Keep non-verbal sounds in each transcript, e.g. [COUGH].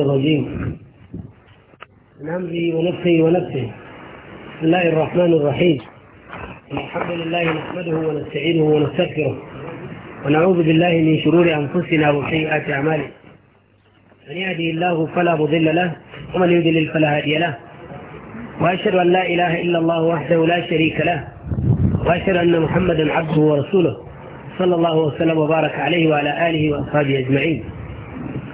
الرجيم من أمري ونفسي ونفسي بسم الله الرحمن الرحيم الحمد لله نحمده ونستعينه ونستغفره ونعوذ بالله من شرور أنفسنا وسيئات أعمالنا من يهدي الله فلا مضل له ومن يضلل فلا هادي له وأشهد أن لا إله إلا الله وحده لا شريك له وأشهد أن محمدا عبده ورسوله صلى الله وسلم وبارك عليه وعلى آله وأصحابه أجمعين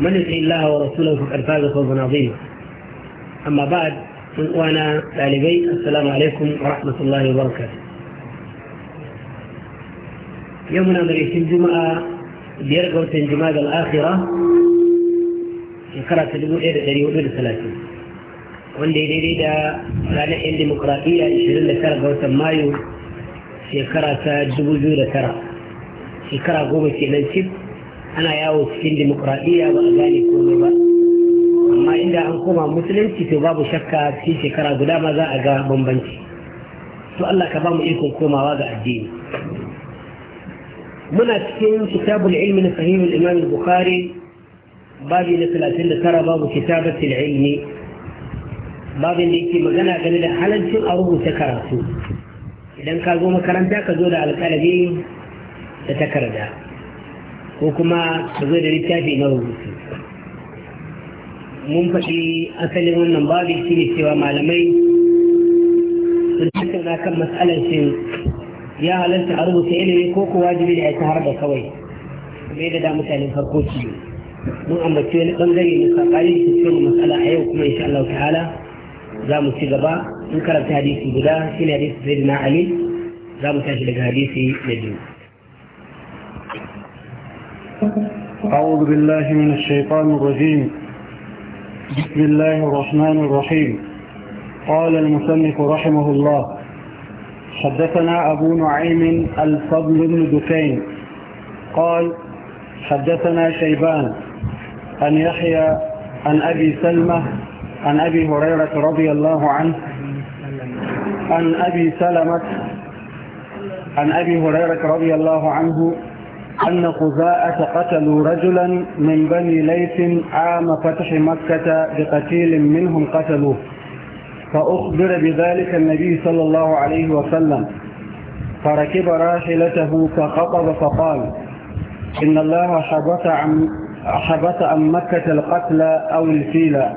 من يطع الله ورسوله فقد فاز فوزا عظيما اما بعد وانا ال السلام عليكم ورحمه الله وبركاته يومنا من مريت الجمعة بيرغو تنجمع الآخرة يقرأ تدبو إير إيري ودود ثلاثين وندي ديري دا لانا إن ديمقراطية إشرين لسارة غوتا مايو يقرأ تدبو جودة ترى يقرأ غوبة في ننسب ana yawo cikin demokradiyya ba a gane komai ba amma inda an koma musulunci to babu shakka cikin shekara guda ma za a ga bambanci to Allah ka ba mu ikon komawa ga addini muna cikin kitabul ilmi na sahihul imam bukhari babi na 39 babu kitabatul ilmi babin da yake magana game da halancin a rubuta karatu idan ka zo makaranta ka zo da alƙalami da takarda ko kuma ta zo da littafi na rubutu mun faɗi asalin wannan babu shi ne cewa malamai sun na kan matsalar shi ya halarta a rubuta ilimi ko ko wajibi da ya ta harba kawai kuma da da mutanen farko ci mun ambaci wani bangare na sakari da cikin matsala a yau kuma insha Allah ta'ala za mu ci gaba in karanta hadisi guda shi ne hadisi zai na ali za mu tashi daga hadisi na biyu أعوذ بالله من الشيطان الرجيم بسم الله الرحمن الرحيم قال المسنف رحمه الله حدثنا أبو نعيم الفضل بن دكين قال حدثنا شيبان أن يحيى عن أبي سلمة عن أبي هريرة رضي الله عنه عن أبي سلمة عن أبي هريرة رضي الله عنه أن قزاءة قتلوا رجلا من بني ليث عام فتح مكة بقتيل منهم قتلوه فأخبر بذلك النبي صلى الله عليه وسلم فركب راحلته فخطب فقال إن الله حبث عن, حبث عن مكة القتل أو الفيلة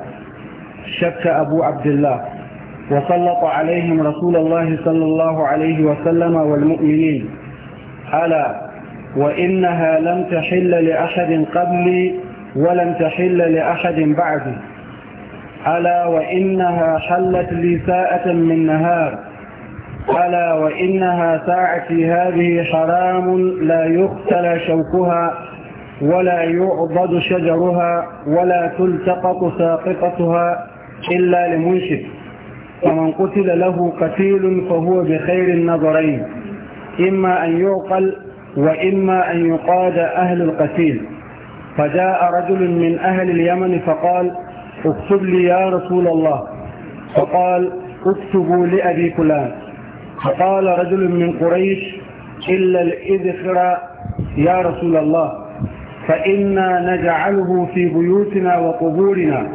شك أبو عبد الله وسلط عليهم رسول الله صلى الله عليه وسلم والمؤمنين ألا وإنها لم تحل لأحد قبلي ولم تحل لأحد بعدي ألا وإنها حلت لي ساعة من نهار ألا وإنها ساعتي هذه حرام لا يقتل شوكها ولا يعضد شجرها ولا تلتقط ساقطتها إلا لمنشد ومن قتل له قتيل فهو بخير النظرين إما أن يعقل وإما أن يقاد أهل القتيل فجاء رجل من أهل اليمن فقال اكتب لي يا رسول الله فقال اكتبوا لأبي فلان فقال رجل من قريش إلا الإذخر يا رسول الله فإنا نجعله في بيوتنا وقبورنا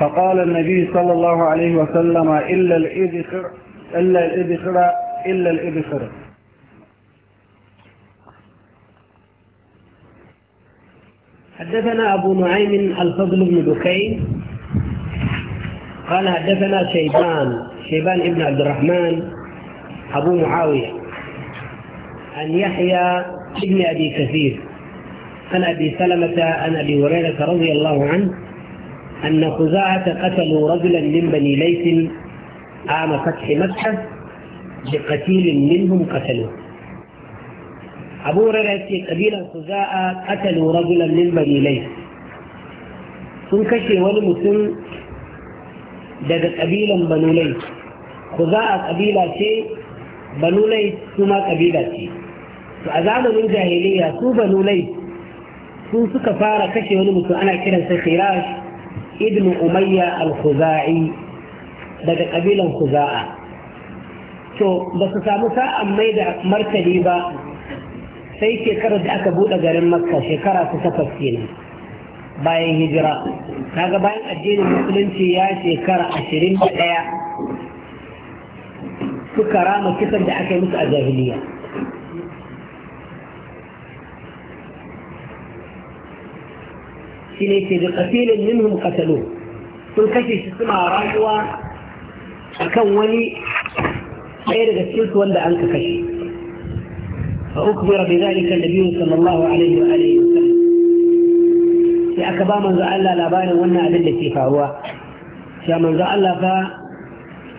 فقال النبي صلى الله عليه وسلم إلا الإذخر إلا الإذخر إلا الإذخر حدثنا أبو نعيم الفضل بن دكين قال حدثنا شيبان شيبان ابن عبد الرحمن أبو معاوية عن يحيى ابن أبي كثير عن أبي سلمة عن أبي هريرة رضي الله عنه أن خزاعة قتلوا رجلا من بني ليث عام فتح مكة بقتيل منهم قتلوه abu hurairah ce kabilan su za a katalu rajulan min banilai sun kashe wani mutum daga kabilan banulai ku za a kabila ce banulai su ma kabila ce to a zamanin jahiliya su banulai sun suka fara kashe wani mutum ana kiransa firash ibn umayya al-khuza'i daga kabilan khuza'a to ba su samu sa'an mai da martani ba sai shekarar da aka buɗe garin makka shekara ta takwas kenan bayan hijira kaga bayan addinin musulunci ya shekara ashirin da ɗaya suka rama kisan da aka yi musu a jahiliya shi ne ke da kasilin minhum sun kashe shi suna rayuwa kan wani ɗaya daga cikinsu wanda an ka kashe فأخبر بذلك النبي صلى الله عليه وآله وسلم يا أكبا من زعل لا لابان ونا أدل في فاوا في من زعل الله فا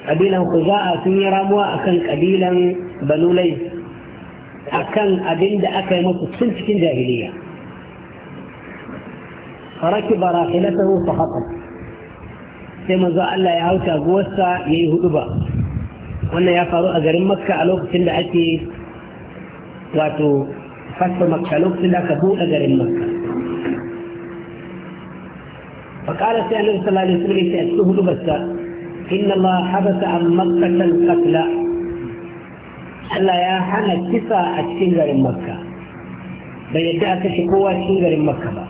قبيلا خزاء سمي راموا أكن أبيلا بنو لي أكن أدل دا أكا يموت السلسك الجاهلية فركب راحلته فخطب يا من زعل ya hauta guwarsa يهدبا yi يا فاروق wannan ya faru a wato fasa makka lokacin da aka buɗe garin makka فقال النبي صلى الله عليه وسلم في السهل بس إن الله حبس عن مكة القتل Allah ya hana kisa a cikin garin Makka bai yadda aka shi kowa cikin garin Makka ba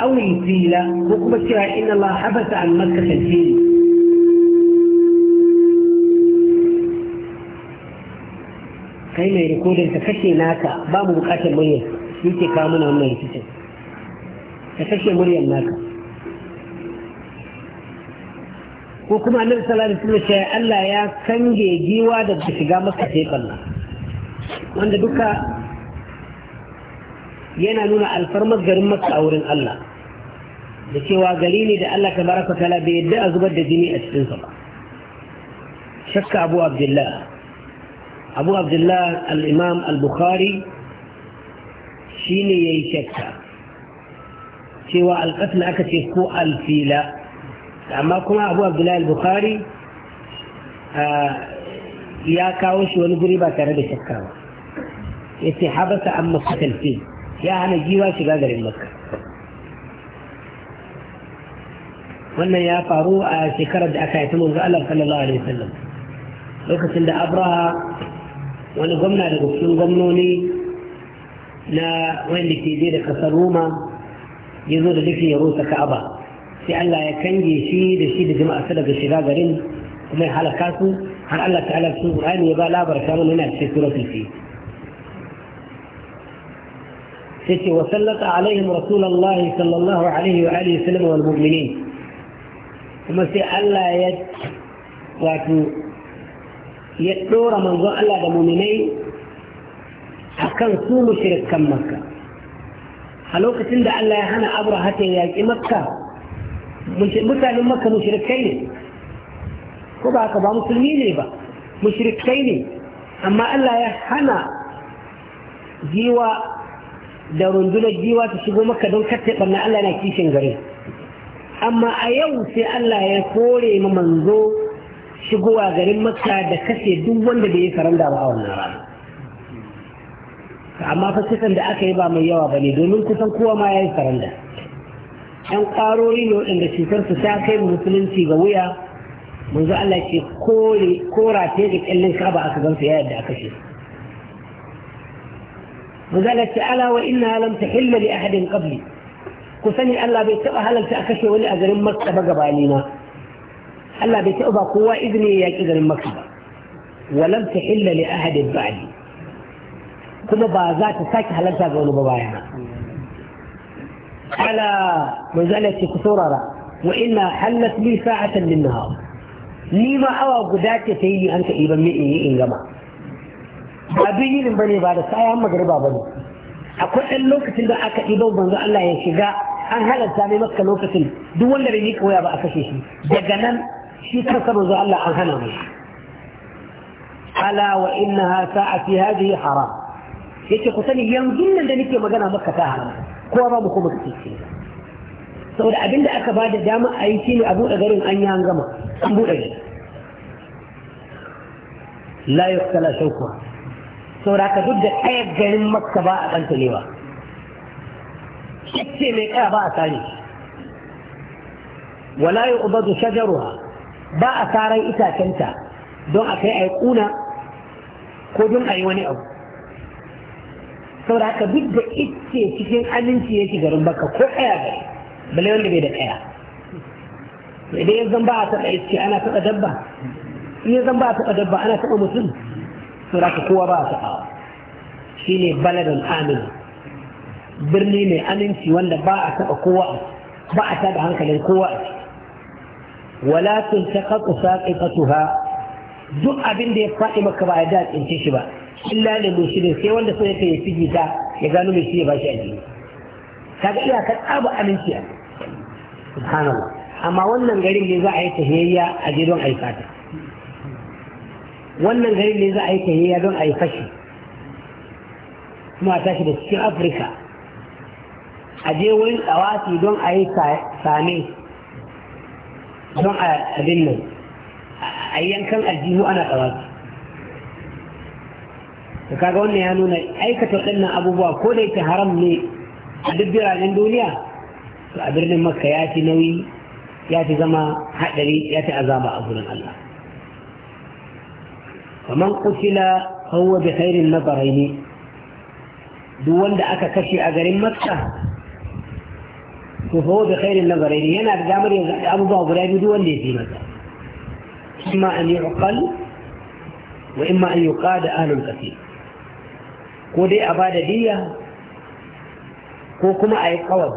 awil fila ko kuma cewa inna Allah habasa kai mai rikodin ka kashe naka ba mu bukatar muryar ke kawo mana wannan rikicin ka kashe muryar naka ko kuma annabi sallallahu alaihi wasallam ya Allah ya kange giwa da ta shiga maka sai wanda duka yana nuna alfarmar garin maka a wurin Allah da cewa gari ne da Allah tabaraka taala bai yadda a zubar da jini a cikinsa ba shakka abu abdullah أبو عبد الله الإمام البخاري شيني يشكا سوى القتل أكتشكو الفيلة أما كما أبو عبد الله البخاري يا كاوش ونقريبا كرد شكاوة يتحبة أم قتل فيه يا أنا جيوا شبادر المكة وأن يا فارو شكرد أكايتمون يتمون صلى الله عليه وسلم لو كنت عند أبرها wani gwamna daga cikin gwamnoni na wanda ke je da kasar roma ya zo da nufin ya rusa ka'aba sai allah ya kange shi da shi da jama'a daga shiga garin kuma ya halaka su har allah ta'ala cikin qur'ani ya ba labarta mana yana cikin suratul fi sai ce wasallata alaihim rasulullahi sallallahu alaihi wa alihi wasallam wal mu'minin kuma sai allah ya wato يدور من ذو الله ذا مؤمنين أكن سوم شرك كم مكة حلوك تندى ألا يهانا أبرا هاتي يأي مكة مسال مكة مشركين كبا كبا مسلمين لبا مشركين أما ألا يهانا جيوا دارون دولة جيوا تشبه مكة دون كتب أن ألا نكيشن غريب أما أيو سي يقولي ممنزوك shigowa garin makka da kashe duk wanda bai yi karanda ba a wannan rana amma fasikan da aka yi ba mai yawa ba ne domin kusan kowa ma ya yi karanda yan ƙwarori ne waɗanda cutar su ta kai musulunci ga wuya manzo Allah ce kora ta ga kyallin kaba aka gamsu ya yadda aka ce manzo Allah ce ala wa inna lam tahilla li ahadin qabli ku sani Allah bai taba halalta a kashe wani a garin Makka ba gabanina Allah bai taɓa ba kowa izini ya ƙi garin maka ba walam ta illa li ahadin ba'di kuma ba za ta sake halarta ga wani ba baya ba ala manzala ce ku saurara wa ina halat li sa'atan min nahar ni ma awa guda ce ta yi an ka iban min in yi in gama ba biyin bane ba da sayan ba ne akwai ɗan lokacin da aka ɗiban banzu Allah ya shiga an halarta mai maka lokacin duk wanda bai yi koya ba a kashe shi daga nan شكرا كبرز الله حسنه حلا وإنها ساعة هذه حرام يتي قتني ينزلنا لنك مغانا مكة تاهرا كورا مخوبة تيكي سأقول أبين دا أكباد داما أيتين أبو أغرين أن ينغم أبو أغرين لا يقتل شوكوا سأقول أكدود دا أيب جنم مكة باء أنت نيوا شكي من أباء ثاني ولا يؤبض شجرها ba a saran itacenta don a kai a yi kuna ko don a yi wani abu da haka duk da ice cikin aminci yake garin baka ko kaya gari bale wanda bai da kaya idan ya zan ba a taɓa ice ana taɓa dabba in ya zan ba a taɓa dabba ana taɓa mutum da haka kowa ba a Shi ne baladan amin birni mai aminci wanda ba a taɓa kowa ba a taɓa hankalin kowa a wala tuntaqatu saqifatuha duk abin da ya faɗi maka ba a da tsince shi ba illa ne ne sai wanda so yake ya fiji ta ya gano mai shi ya bashi addini kaga iyakar tsaba aminci a subhanallah amma wannan garin ne za a yi tahiyya a je don aikata wannan garin ne za a yi tahiyya don a yi fashi kuma a tashi da cikin afirka a je wurin tsawasi don a yi same don a abin nan a yankan aljihu ana tsawafi da kaga wannan ya nuna aikata waɗannan abubuwa ko da yake haram ne a duk biranen duniya to a birnin makka ya fi nauyi ya fi zama haɗari ya fi azaba a gurin Allah kamar kutila hawa da khairin nazaraini duk wanda aka kashe a garin makka to fa wa na khairin nazaraini yana da damar ya abubuwa guda biyu duk wanda ya fi masa imma an yuqal wa imma an yuqada ahlul kathir ko dai a bada diya ko kuma a yi kawar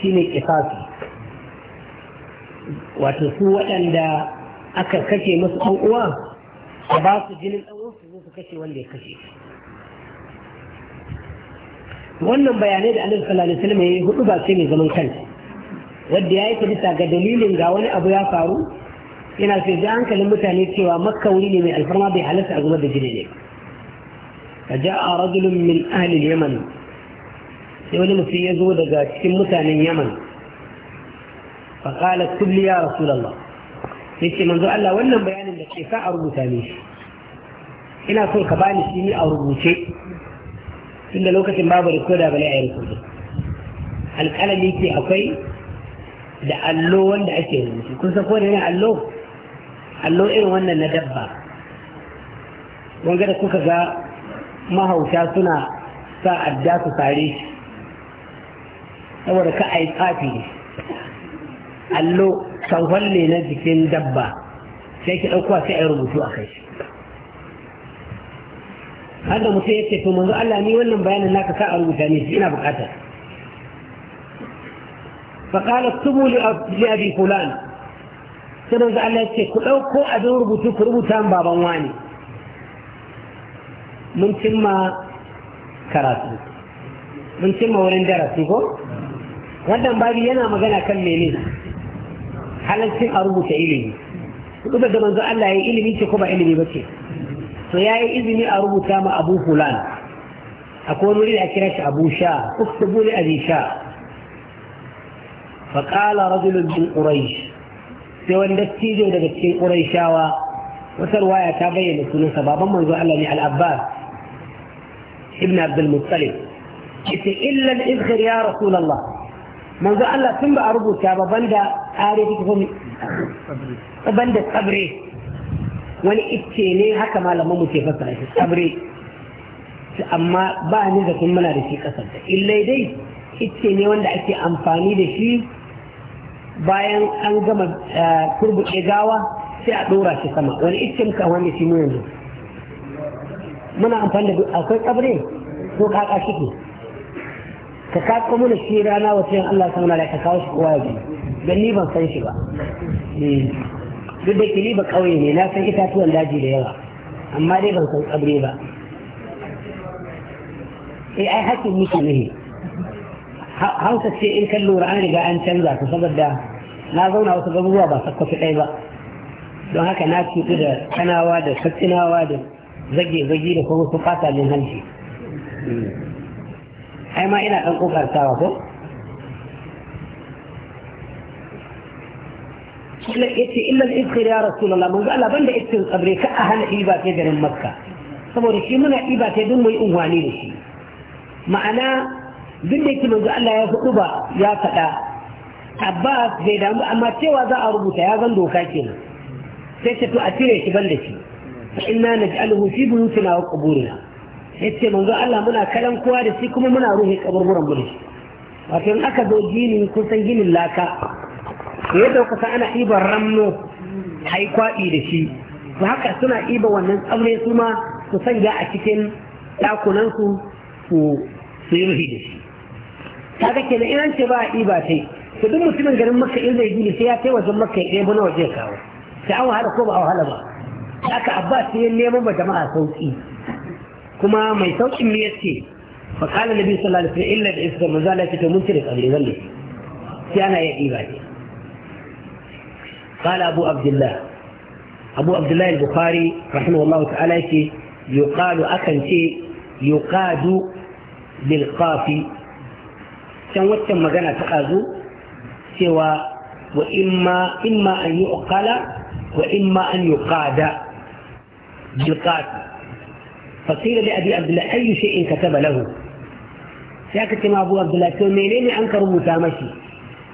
shine kisasi wato su waɗanda aka kashe musu ɗan uwa a ba su jinin ɗan su kashe wanda ya kashe wannan bayanai da annabi sallallahu alaihi wasallam yayi hudu ba sai mai zaman kanta wanda yayi ta bisa ga dalilin ga wani abu ya faru yana sai da hankalin mutane cewa makka wuri ne mai alfarma bai halatta a zubar da jini ne فجاء رجل من أهل اليمن يقول في يزود متان اليمن فقال اكتب لي يا رسول الله yace manzo Allah wannan bayanin da ke sa a rubuta ne ina so ka bani shi a rubuce tunda lokacin babu rikoda bane a yi rikoda alƙalami ke akwai da allo wanda ake rubutu kun san kowane ne allo allo irin wannan na dabba wanga da kuka ga mahauta suna sa adda su sare shi saboda ka a yi tsafi allo sanhwalle na jikin dabba sai ki ɗaukuwa sai a yi rubutu a kai har da mutum ya ce to manzo Allah ni wannan bayanin naka ka a rubuta ne ina bukata fa qala tubu li abi fulan sai manzo Allah ya ce ku dauko abin rubutu ku rubuta an baban wani mun cimma karatu mun cimma wurin darasi ko wannan babi yana magana kan mene halalcin a rubuta ilimi duk da manzo Allah ya yi ilimi ce ko ba ilimi ba ce to ya yi izini a rubuta ma abu fulan akwai wani da kira shi abu sha uktubu li abi sha fa qala rajulun min quraish sai wani dattijo daga cikin quraishawa wata ruwaya ta bayyana sunansa baban manzo Allah ne al-abbas ibn abd al-muttalib yace illa al-izkhir ya rasul Allah manzo Allah tun ba a rubuta ba banda are kike banda tsabre wani icce ne haka malaman mu ke fassara shi sabre amma ba ni da kun muna da shi kasar da illai dai icce ne wanda ake amfani da shi bayan an gama kurbuɗe eh, gawa sai a ɗora shi sama wani icce muka wanda shi mu yanzu muna amfani da akwai kabre ko kaka shi ke ka kako mana shi rana wata yin Allah sama na da ka kawo shi kowa ya biyu ni ban san shi ba eh. duk da kili ba kauye ne na san itatuwan daji da yawa amma dai ban san tsabre ba eh ai hakin miki ne hausa ce in kan lura an riga an canza ta saboda na zauna wasu gabuwa ba sakkwafi ɗaya ba don haka na cutu da kanawa da sassinawa da zage-zage da kuma su fata min hanci hmm. ai ma ina ɗan ƙoƙartawa ko yace illal ibkhir ya rasulullah mun ga Allah banda ibkhir kabre ka a hana iba ta garin makka saboda shi muna iba ta dun mai unwani da shi ma'ana duk da yake manzo Allah ya faɗu ba ya faɗa Abbas bai damu amma cewa za a rubuta ya zan doka kenan sai ce to a cire shi banda shi inna naj'aluhu fi buyutina wa quburina yace manzo Allah muna kalan kowa da shi kuma muna ruhi kaburburan mu da shi wato in aka zo gini kun san ginin laka ya yadda kuka ana ibar ramno a kwaɗi da shi da haka suna ɗiba wannan tsaure su ma su sanya a cikin ɗakunansu su su yi rufi da shi ga kenan da ce ba a iba sai to duk mutumin garin maka in zai gini sai ya kai wajen maka ya ɗebo na waje ya kawo sai an wahala ko ba a wahala ba Ta haka abba sai ya neman ba jama'a sauki kuma mai saukin ne yace fa kala nabi sallallahu alaihi wasallam illa da isra manzala ta mun cire kabilan zalle sai ana ya ɗiba ne قال أبو عبد الله أبو عبد الله البخاري رحمه الله تعالى يقال أكن شيء يقاد بالقاف كان وقت ما كان تقازو سوى وإما إما أن يؤقل وإما أن يقاد بالقاف فقيل لأبي عبد الله أي شيء كتب له ساكت ما أبو عبد الله تقول ميليني أنكر متامشي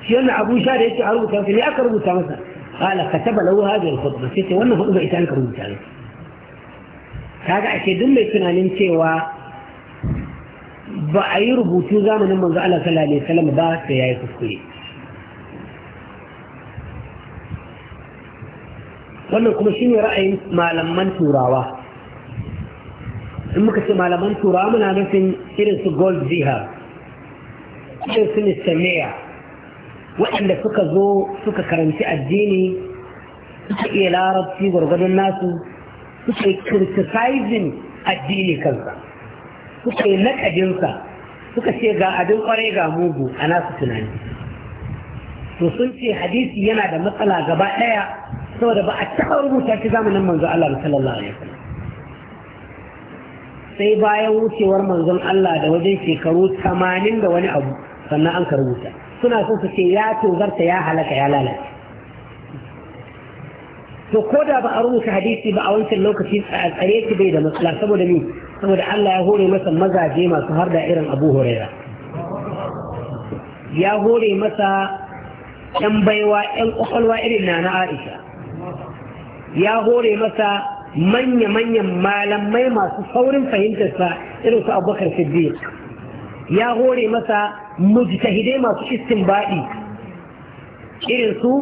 شيء أبو شارع يتعرض متامشي ليه أكر متامشي قال كتب له هذه الخطبة كيف وانه خطبة إتانك ومتانك هذا أشياء دم يكون أن يمشي و بأي ربوتو زامن من منذ الله صلى الله عليه وسلم بات في كما شيني رأي ما لم من توراوه إنما كتب ما لم من توراوه من هذا سن إرس غولد بيها إرس نستمعه waɗanda suka zo suka karanci addini suka iya larabci gwargwadon nasu suka yi criticizing addini kansa suka yi nakadinsa suka ce ga abin kwarai ga mugu a nasu tunani to sun ce hadisi yana da matsala gaba ɗaya saboda ba a taɓa rubuta shi zamanin manzo Allah sallallahu alaihi wasallam sai bayan wucewar manzon Allah da wajen shekaru 80 da wani abu sannan an ka rubuta suna so su ce ya tozarta ya halaka ya lalace to ko da ba a rubuta hadisi ba a wancan lokaci a tsare ki bai da matsala saboda ni saboda Allah ya hore masa mazaje masu har da irin Abu Huraira ya hore masa ‘yan baiwa ‘yan ƙwaƙwalwa irin na na Aisha, ya hore masa manya-manyan malamai masu saurin fahimtarsa irin su abubakar siddiq ya hore masa mujtahidai masu istinbadi irin su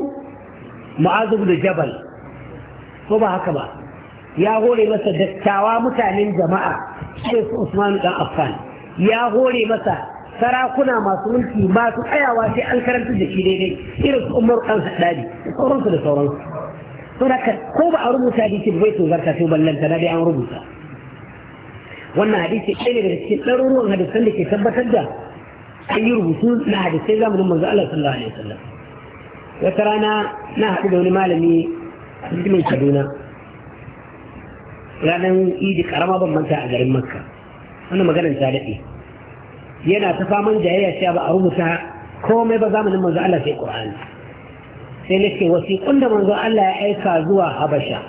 mu'azu da jabal ko ba haka ba ya hore masa dattawa mutanen jama'a irin su Usman dan affan ya hore masa sarakuna masu mulki masu tsayawa sai an karanta da shi daidai irin su umar dan haddadi da sauransu da sauransu ko ba a rubuta hadisin bai to zarta sai ballanta da an rubuta wannan hadisi ɗaya daga cikin ɗaruruwan hadisan da ke tabbatar da an yi rubutu na hadisai zamanin manzo Allah sallallahu alaihi wasallam wata rana na haɗu da wani malami a mutumin Kaduna ranar idi karama ban manta a garin Makka wannan maganar ta daɗe yana ta faman jayayya cewa ba a rubuta komai ba zamanin manzo Allah sai Qur'ani sai nake wasiƙun da manzo Allah ya aika zuwa Habasha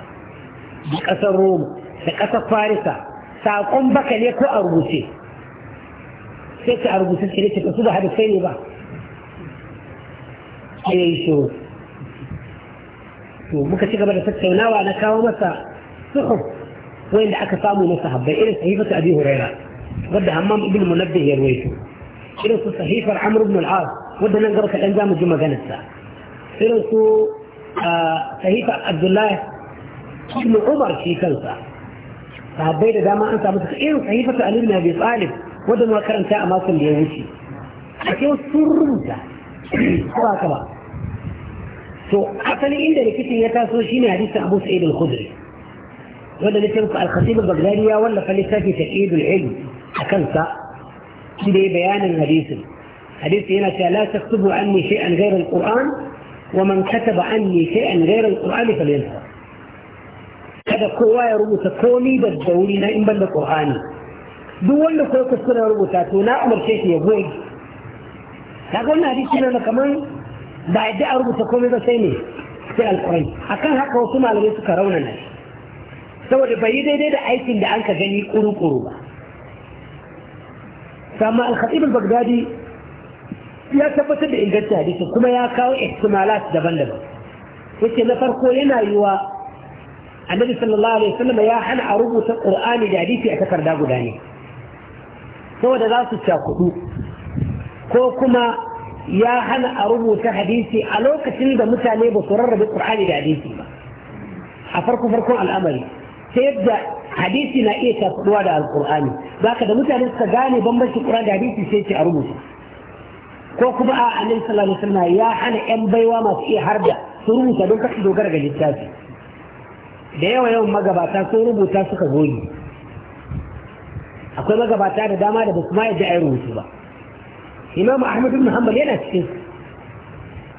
da ƙasar Roma da ƙasar Farisa saƙon baka ne ko a rubuce sai ka a rubuce ce ne ka su da hadisai ne ba a ya yi shiru to muka ci gaba da tattaunawa na kawo masa suhuf wanda aka samu na sahabbai irin ta abi huraira wadda hammam ibn munabbih ya ruwaito irin su sahifar amr ibn al-as wadda nan garka dan zamu ji maganarsa irin su ah, sahifa abdullahi ibn umar shi kansa sahabbai da dama an samu su irin sahifa ta alimna abi talib wanda muka karanta a makon da ya wuce a cikin sun rubuta ko haka ba to asali inda likitin ya taso shine hadisi abu sa'id al-khudri wanda littafin al-khatib al-baghdadi ya wallafa littafi taqid al-ilm akan sa shi dai bayanin hadisin hadisi yana cewa la taktubu anni shay'an ghayra al-qur'an wa man ومن كتب عني شيئا غير القرآن فلينهى kada kowa ya rubuta komi da dauri na in banda qur'ani duk wanda kai kuskure rubuta to na umarce shi ya goyi kaga wannan hadisi na kaman ba yadda a rubuta komai ba sai ne sai alƙur'ani akan haka wasu malamai suka rauna shi saboda bai yi daidai da aikin da an ka gani kuru-kuru ba sama al-khatib al-baghdadi ya tabbatar da ingancin hadisi kuma ya kawo ihtimalat daban-daban yace na farko yana yiwa annabi sallallahu alaihi wasallam ya hana a rubuta qur'ani da hadisi a takarda guda ne saboda za su cakudu ko kuma ya hana a rubuta hadisi a lokacin da mutane ba su rarrabe qur'ani da hadisi ba a farko farkon al'amari sai yadda hadisi na iya cakuduwa da alqur'ani zaka da mutane suka gane bambanci qur'ani da hadisi sai ce a rubuta ko kuma a annabi sallallahu alaihi wasallam ya hana yan baiwa masu iya harda su rubuta don kasu dogara ga littafi da yawa yawan magabata sun rubuta suka goyi akwai magabata da dama da basu ma yadda a rubutu ba imam ahmad ibn hanbal yana cikin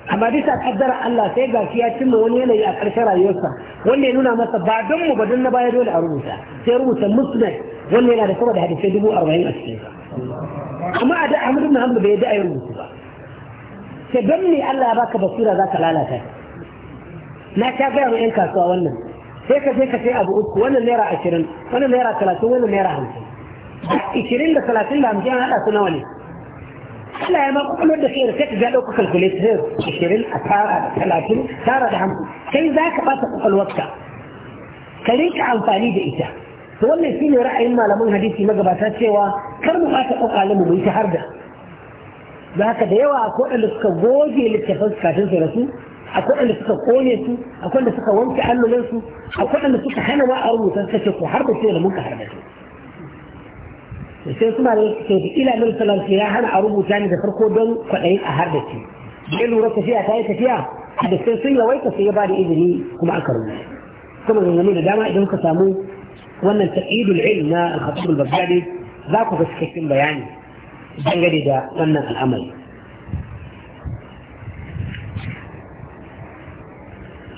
amma bisa kaddara Allah sai ga ya cimma wani yanayi a ƙarshen rayuwarsa wanda ya nuna masa ba don mu ba don na baya dole a rubuta sai rubuta musnad wanda yana da sama da hadisai dubu arba'in a cikin amma a da ahmad ibn hanbal bai yadda a rubutu ba sai don me Allah ya baka basira za ka lalata na sha gaya ma 'yan kasuwa wannan sai ka je ka sai abu uku wannan naira ashirin wannan naira talatin wannan naira hamsin ashirin da talatin da hamsin an haɗa su nawa ne Allah ya ma kwakwalwar da sai sai ka ga ɗauka calculator ashirin a tara da talatin tara da hamsin sai za ka ɓata kwakwalwarka ka rinka amfani da ita to wannan shine ra'ayin malaman hadisi magabata cewa kar mu ɓata kwakwalwar mu mu yi ta harda da haka da yawa ko da suka goge littafin kafin su rasu akwai wanda suka kone su akwai wanda suka wanke allunan su akwai wanda suka hana ma a rubuta suka ce ko har da sai da muka har da su sai suna da suke da ila min salam ya hana a rubuta ne da farko don kwaɗayin a har da su bai lura tafiya ta yi tafiya da sai sun yawaita sai ya ba da izini kuma aka rubuta kuma zangami da dama idan ka samu wannan ta'idul ilm na al-khatib al-baghdadi za ku ga cikakken bayani dangane da wannan al'amari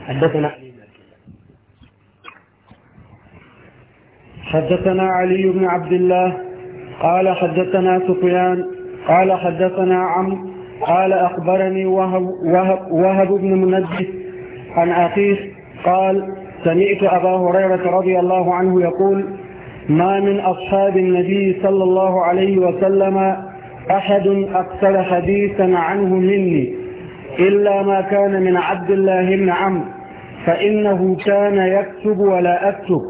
حدثنا حدثنا علي بن عبد الله قال حدثنا سفيان قال حدثنا عم قال أخبرني وهب, وهب, وهب بن منجس عن أخيه قال سمعت أبا هريرة رضي الله عنه يقول ما من أصحاب النبي صلى الله عليه وسلم أحد أكثر حديثا عنه مني إلا ما كان من عبد الله بن عمرو فإنه كان يكتب ولا أكتب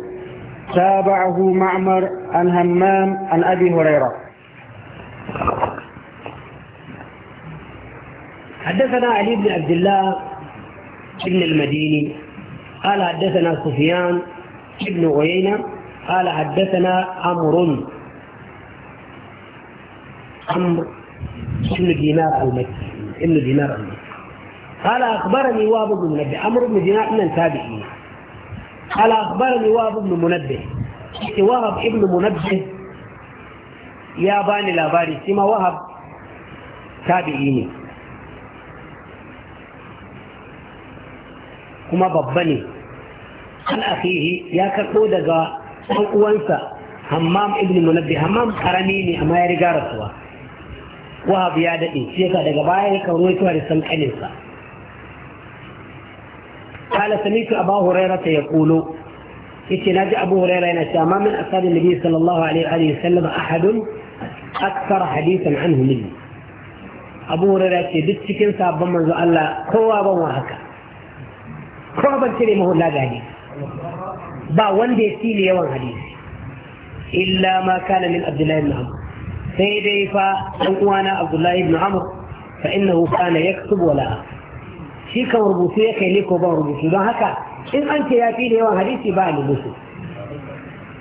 تابعه معمر عن همام عن أبي هريرة حدثنا علي بن عبد الله بن المديني قال حدثنا سفيان بن عيينة قال حدثنا أمر أمر ابن دينار المكي ابن دينار المكي قال أخبرني واب بن منبه أمر بن دينار من تابعين قال أخبرني واب بن منبه وهب ابن منبه يا باني لا باري سيما وهب تابعيني كما ببني عن أخيه يا كرودة ɗan uwansa همام ابن منبه همام karami أما يرقى ya وهب يا دئي سيكا دقبائي sai ka daga قال سميت أبا هريرة يقول اتناج أبو هريرة إن ما من أسال النبي صلى الله عليه وآله وسلم أحد أكثر حديثا عنه مني أبو هريرة يدت كن سابا منذ ألا هو أبا مرهكا هو أبا كلمه لا حديث با وان دي سيلي وان حديث إلا ما كان من عبد الله بن عمر سيدي فأنقوانا عبد الله بن عمر فإنه كان يكتب ولا أكتب shi kan rubutu ya kai ne ko ba rubutu don haka in an ce ya fi da yawan hadisi ba a rubutu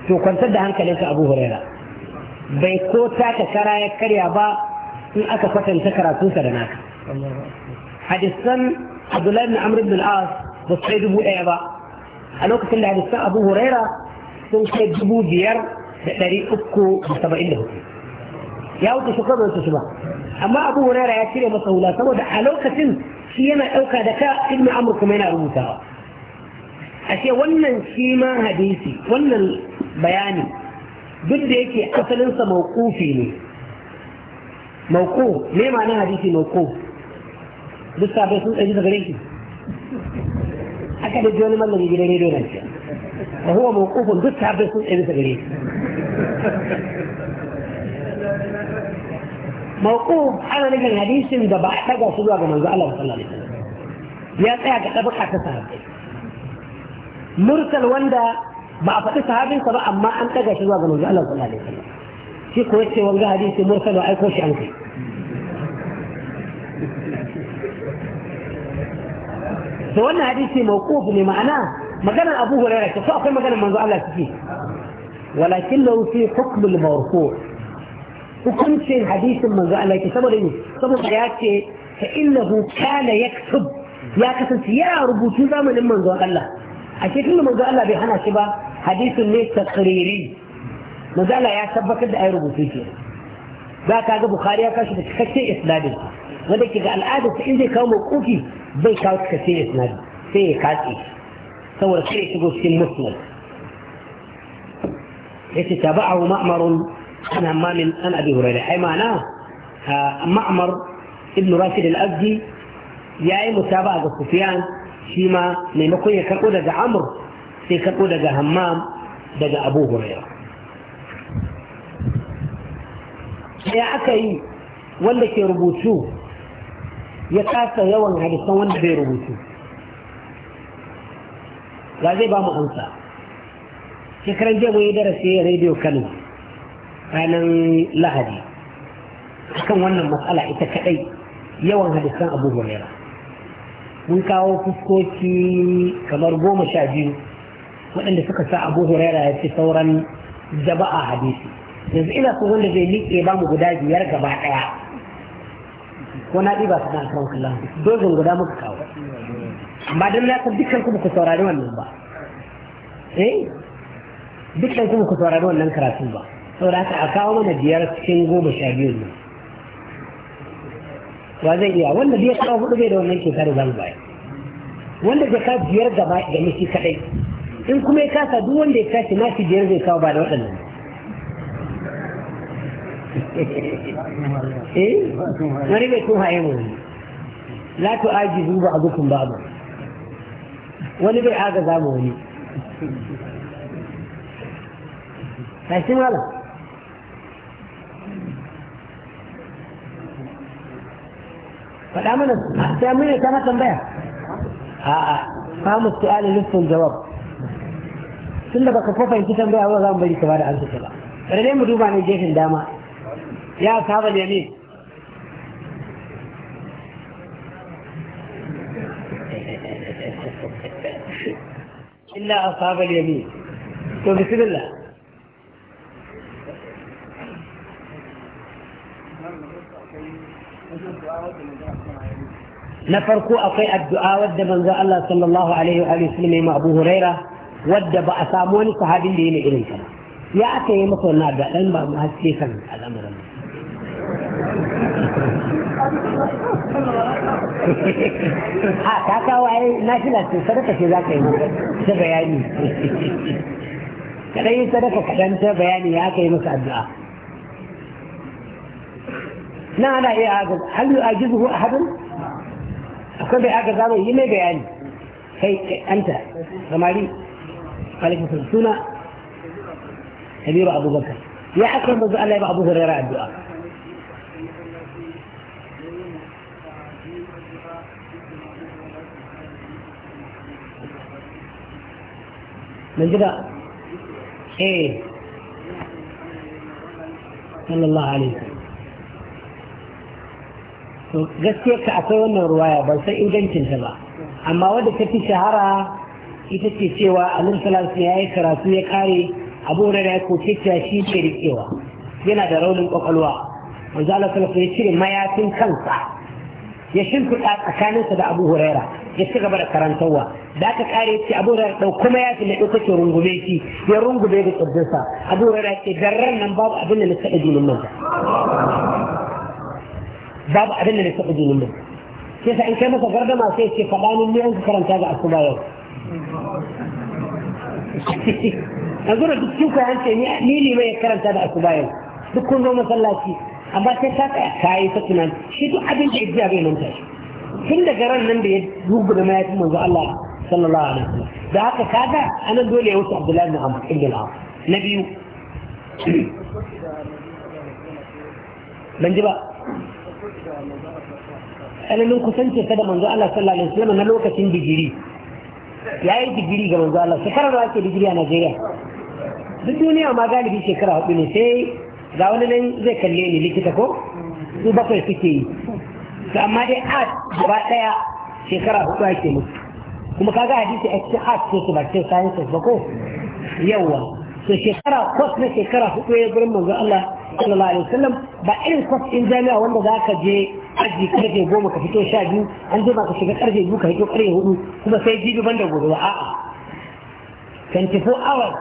to kwantar da hankalin ka abu huraira bai ko ta taka kara ya karya ba in aka kwatanta ka da naka hadisan abdullahi ibn amr ibn al-as ba sai dubu ɗaya ba a lokacin da hadisan abu huraira sun kai dubu biyar da ɗari uku da saba'in da hudu ya wuce shekaru da su ba amma abu huraira ya cire masa hula saboda a lokacin shi yana ɗauka da ka ibn amr kuma yana rubutawa ashe wannan shi ma hadisi wannan bayani duk da yake asalinsa mawqufi ne mawqu ne ma'anar hadisi mawqu duk sabai sun tsaji daga gare shi aka da wani mallami gidan rediyo na ce wa huwa mawqufun duk sabai sun tsaji daga gare shi موقوف انا نجي الحديث ان ده بحتاج اصول يا جماعه الله صلى الله عليه وسلم يا ساعه كتاب حتى سهل مرسل وندا ما افتكر صحابي صبا اما انت جاي شنو قالوا الله صلى الله عليه وسلم في كويتي وانا حديث مرسل واي كوش انت فوانا حديثي موقوف لمعنى ما كان ابوه ولا يعني فاقل ما كان منذ الله سكي ولكن له في حكم المرفوع hukuncin hadisin manzo Allah ke saboda ne saboda ya ce fa innahu kana yaktub ya kasance yana rubutu zamanin manzo Allah a cikin manzo Allah bai hana shi ba hadisin ne takriri manzo Allah ya tabbatar da ai rubutu ke za ka ga bukhari ya kashi da cikakken isnadin wanda ke ga al'ada ta in zai kawo mawqufi bai kawo cikakken isnadin sai ya katse saboda sai ya shigo cikin muslim yace tabahu ma'marun عن همام عن ابي هريره اي معناه معمر ابن راشد الازدي يا اي متابعه سفيان فيما ميمكن يكرقوا دجا عمرو سيكرقوا دجا همام دجا ابو هريره يا اكي wanda ke rubutu ya kasa yawan hadisan wanda bai rubutu ga zai ba mu amsa shekaran jiya mun yi darasi a rediyo kano tsakanin lahadi akan wannan matsala ita kadai yawan hadisan abu huraira mun kawo fuskoki kamar goma sha biyu waɗanda suka sa abu huraira ya ce sauran jaba'a hadisi yanzu ina so wanda zai liƙe ba mu guda biyar gaba ɗaya ko na ɗiba su ɗan kawon kallon dozin guda muka kawo amma don na san dukkan kuma ku saurari wannan ba eh dukkan kuma ku saurari wannan karatu ba sau da a kawo mana biyar cikin goma sha biyu ne wa zai iya wanda biyar kawo hudu bai da wannan shekaru zan baya wanda bai kawo biyar gaba da mishi kadai in kuma ya kasa duk wanda ya kashi na shi biyar zai kawo ba da waɗannan [LAUGHS] eh wani bai kuma haye mu la tu zuba a abukum babu wani bai za mu wani Sai shi malam فالأمانة تأمين كما تنبيه آه، آه. فهم السؤال لسه الجواب سنة بكفوفة انت تنبيه أولا غام بيجي كبارة عن سكرة فلديم دوبا عن الجيش الداما يا أصحاب اليمين [LAUGHS] إلا أصحاب اليمين تو بسم الله na farko akwai addu'a wadda manzo Allah sallallahu alaihi wa sallam ya Abu Huraira wadda ba a samu wani sahabin da yake irin ta ya aka yi masa wannan addu'a dan ba mu haske kan al'amuran [LAUGHS] ha ta kawo ai na shi ce sadaka ce zaka yi ta bayani kada yi sadaka kadan ta bayani ya aka yi masa addu'a na ana iya hal yu'ajizuhu ahadun akwai bai aka zamu yi mai bayani kai anta samari alaikum salam suna kabiru abubakar ya aka manzo Allah ya ba Abu Hurairah addu'a من جدا ايه صلى الله عليه وسلم to gaskiya ka akwai wannan ruwaya ban san ingancin ta ba amma wanda ta fi shahara ita ce cewa alim salasu ya yi karatu ya kare abu da ya koke ta shi ke rikewa yana da raunin kwakwalwa wanzu ala salasu ya cire mayafin kansa ya shimfiɗa tsakaninsa da Abu Huraira ya ci gaba da karantarwa da aka kare ce Abu Huraira ɗau kuma ya fi dauka rungume shi ya rungume da kirjinsa Abu Huraira ce garran nan babu abin da na taɗa jinin nan باب اللي للتقديم منه كيف إن كان متفردة مع شيء كيف قال إني أنت كرمت الصبايا أقول لك تشوف أنت مين اللي ما يكرم تابع الصبايا بتكون لو مثلا شيء أما كيف خايفة كمان شيء تحدد الإجزاء بين المنتج كل قرار نمبر يوقف ما يتم الله صلى الله عليه وسلم ذاك هذا أنا دولي أوسع بلاد محمد إلا العام نبي [CLEARS THROAT] من جبال tsananin kusancin ta da manzo Allah sallallahu alaihi wasallam na lokacin digiri ya yi digiri ga manzo Allah shekara da ake digiri a Najeriya duk duniya ma galibi shekara hudu ne sai ga wani nan zai kalle ni likita ko su bakwai suke yi to amma dai art gaba daya shekara hudu ake musu kuma kaga hadisi a cikin art ko ba ce sciences ba ko yawa شكرا قصنا شكرا حقوية برمو قال الله صلى الله عليه وسلم بأين قص إنزامي وانده ذاك جي أجي كنك يبومك في تو شاجو عندي ما تشكت أرجي يبوك هيتو قري هدو كما سيجيب بنده آه. قد وعاء كان تفو أول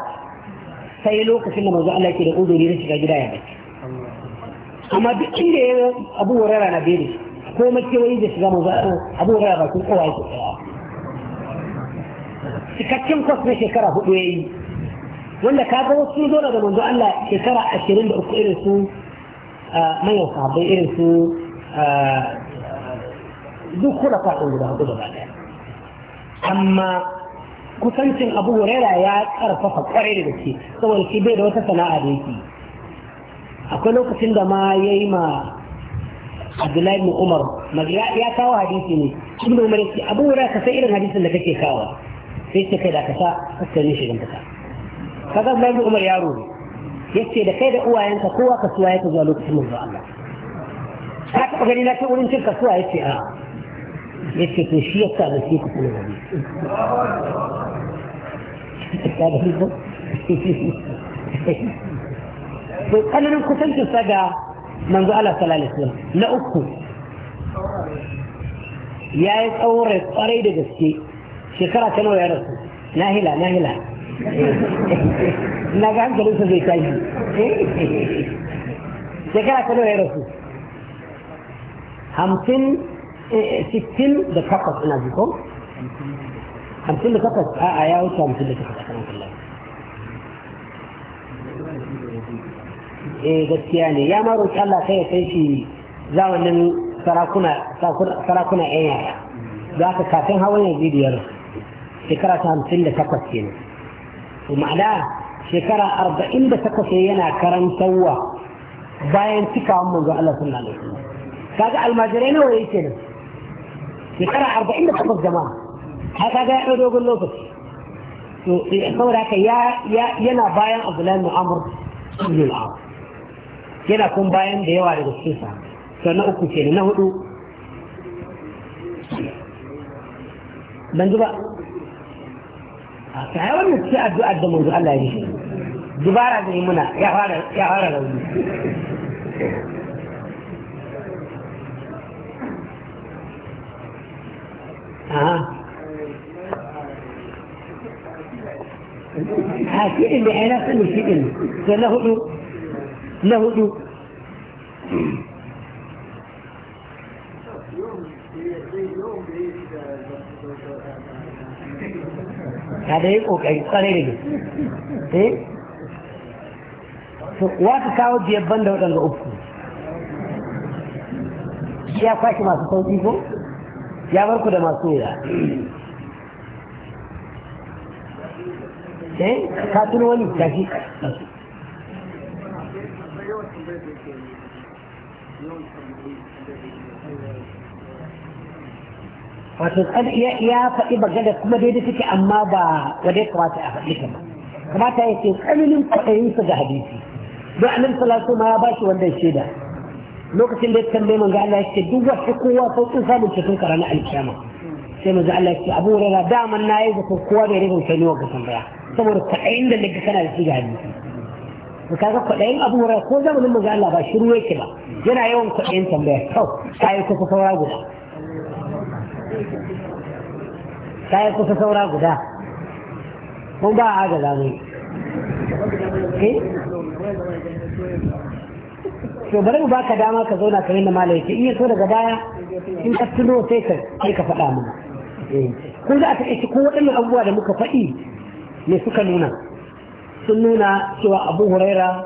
سيلوك سنما قال الله كده قوضوا لي رسك أجرا يا بك أما بإن أبو وريرا نبيلي كو مكي ويجي سنما قال أبو وريرا كو قوائي كو قوائي كتشم قصنا شكرا حقوية wanda ka ga wasu zo daga manzo Allah shekara ashirin da uku irin su manyan sahabbai irin su duk kuna faɗin guda hudu gaba ɗaya amma kusancin abu huraira ya ƙarfafa ƙwarai da gaske saboda shi bai da wata sana'a da yake akwai lokacin da ma ya yi ma abdullahi ibn umar ya kawo hadisi ne ibn umar ya ce abu huraira ka san irin hadisin da kake kawo sai ce kai da ka sa ka shi don ka kaga Abdullahi bin Umar yaro ne yace da kai da uwayenka kowa kasuwa yake zuwa lokacin manzo Allah ka taɓa gani na ce wurin cin kasuwa yace a yace to shi yasa da shi kuma da ni to kallon kusancin sa ga manzo Allah sallallahu alaihi wasallam na uku yayi tsaure kwarai da gaske shekara ta nawa ya rasu nahila nahila na ga hankalinsa zai tashi shekara ta ya rasu hamsin eh, sittin da takwas ina jiko hamsin da takwas a ya wuce hamsin da takwas a kanan eh gaskiya ne ya ma roƙi Allah kai ya kai shi zamanin sarakuna sarakuna yan yaya za ka kafin hawan biyar shekara ta hamsin da takwas kenan to ma'ana shekara arba'in da takwas yana karantarwa bayan cika cikawan manzon Allah sallallahu alaihi wasallam kaga almajirai nawa yake nan shekara arba'in da takwas jama'a har kaga ya ɗau dogon lokaci to eh, saboda haka yana bayan abdullahi mu'amur ibn yana kun bayan da yawa daga cikin sa to na uku kenan na hudu ban ji ba a ai wannan ce addu'ar da manzo Allah ya yi dubara da yi muna ya fara ya fara rauni a shiɗin da ya rasa ne shiɗin da na hudu na hudu ka da yi kokari tsare da ke eh to wa ta kawo biyar da waɗanda uku ya kwashi masu sauƙi ko ya bar ku da masu wuya eh ka tuno wani gashi Thank wato ya faɗi bagada kuma daidai take amma ba wadai kamata a faɗi ta ba kamata ya ce tsananin kwaɗayin su ga hadisi don annabi sallallahu ma ya ba shi wannan shaida lokacin da ya tambaye manzo Allah ya ce duk wata kowa sauƙin samun cikin karana alkiyama sai manzo Allah ya ce abu rana daman na yi zato kowa bai rage wuce ne wa gasan baya saboda kwaɗayin da daga kana da shi ga hadisi to kaga kwaɗayin abu rana ko zamanin manzo Allah ba shiru yake ba yana yawan kwaɗayin tambaya kawai ta yi kusa saura guda ta yi kusa saura guda kun ba a gaza mai to bari mu baka dama ka zauna ka yin na malai ce iya so daga baya in ka tuno sai ka sai ka faɗa mana eh. kun za a taƙaice ko waɗannan abubuwa da muka faɗi ne suka nuna sun nuna cewa abu huraira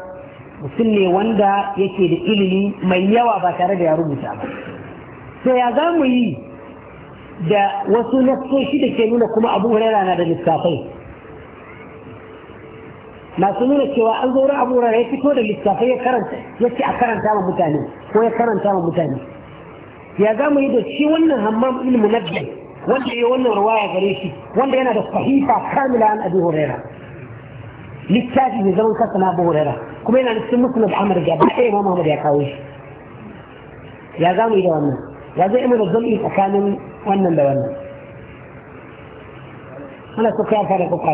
mutum ne wanda yake da ilimi mai yawa ba tare da ya rubuta ba sai ya za mu yi da wasu nassoshi da ke nuna kuma abu hurara na da littafai masu nuna cewa an zo abu hurara ya fito da littafai ya karanta ya ce a karanta ma mutane ko ya karanta ma mutane ya za mu yi da shi wannan hammam ilmu nabbi wanda ya yi wannan ruwaya gare shi wanda yana da sahifa kamila an abu hurara littafi mai zaman kasa na abu hurara kuma yana nufin cikin musulun amur da ba ɗaya ma ya kawo shi ya za mu yi da wannan ya zai imar da zal'i tsakanin wannan da wannan ana so kai fara ko ku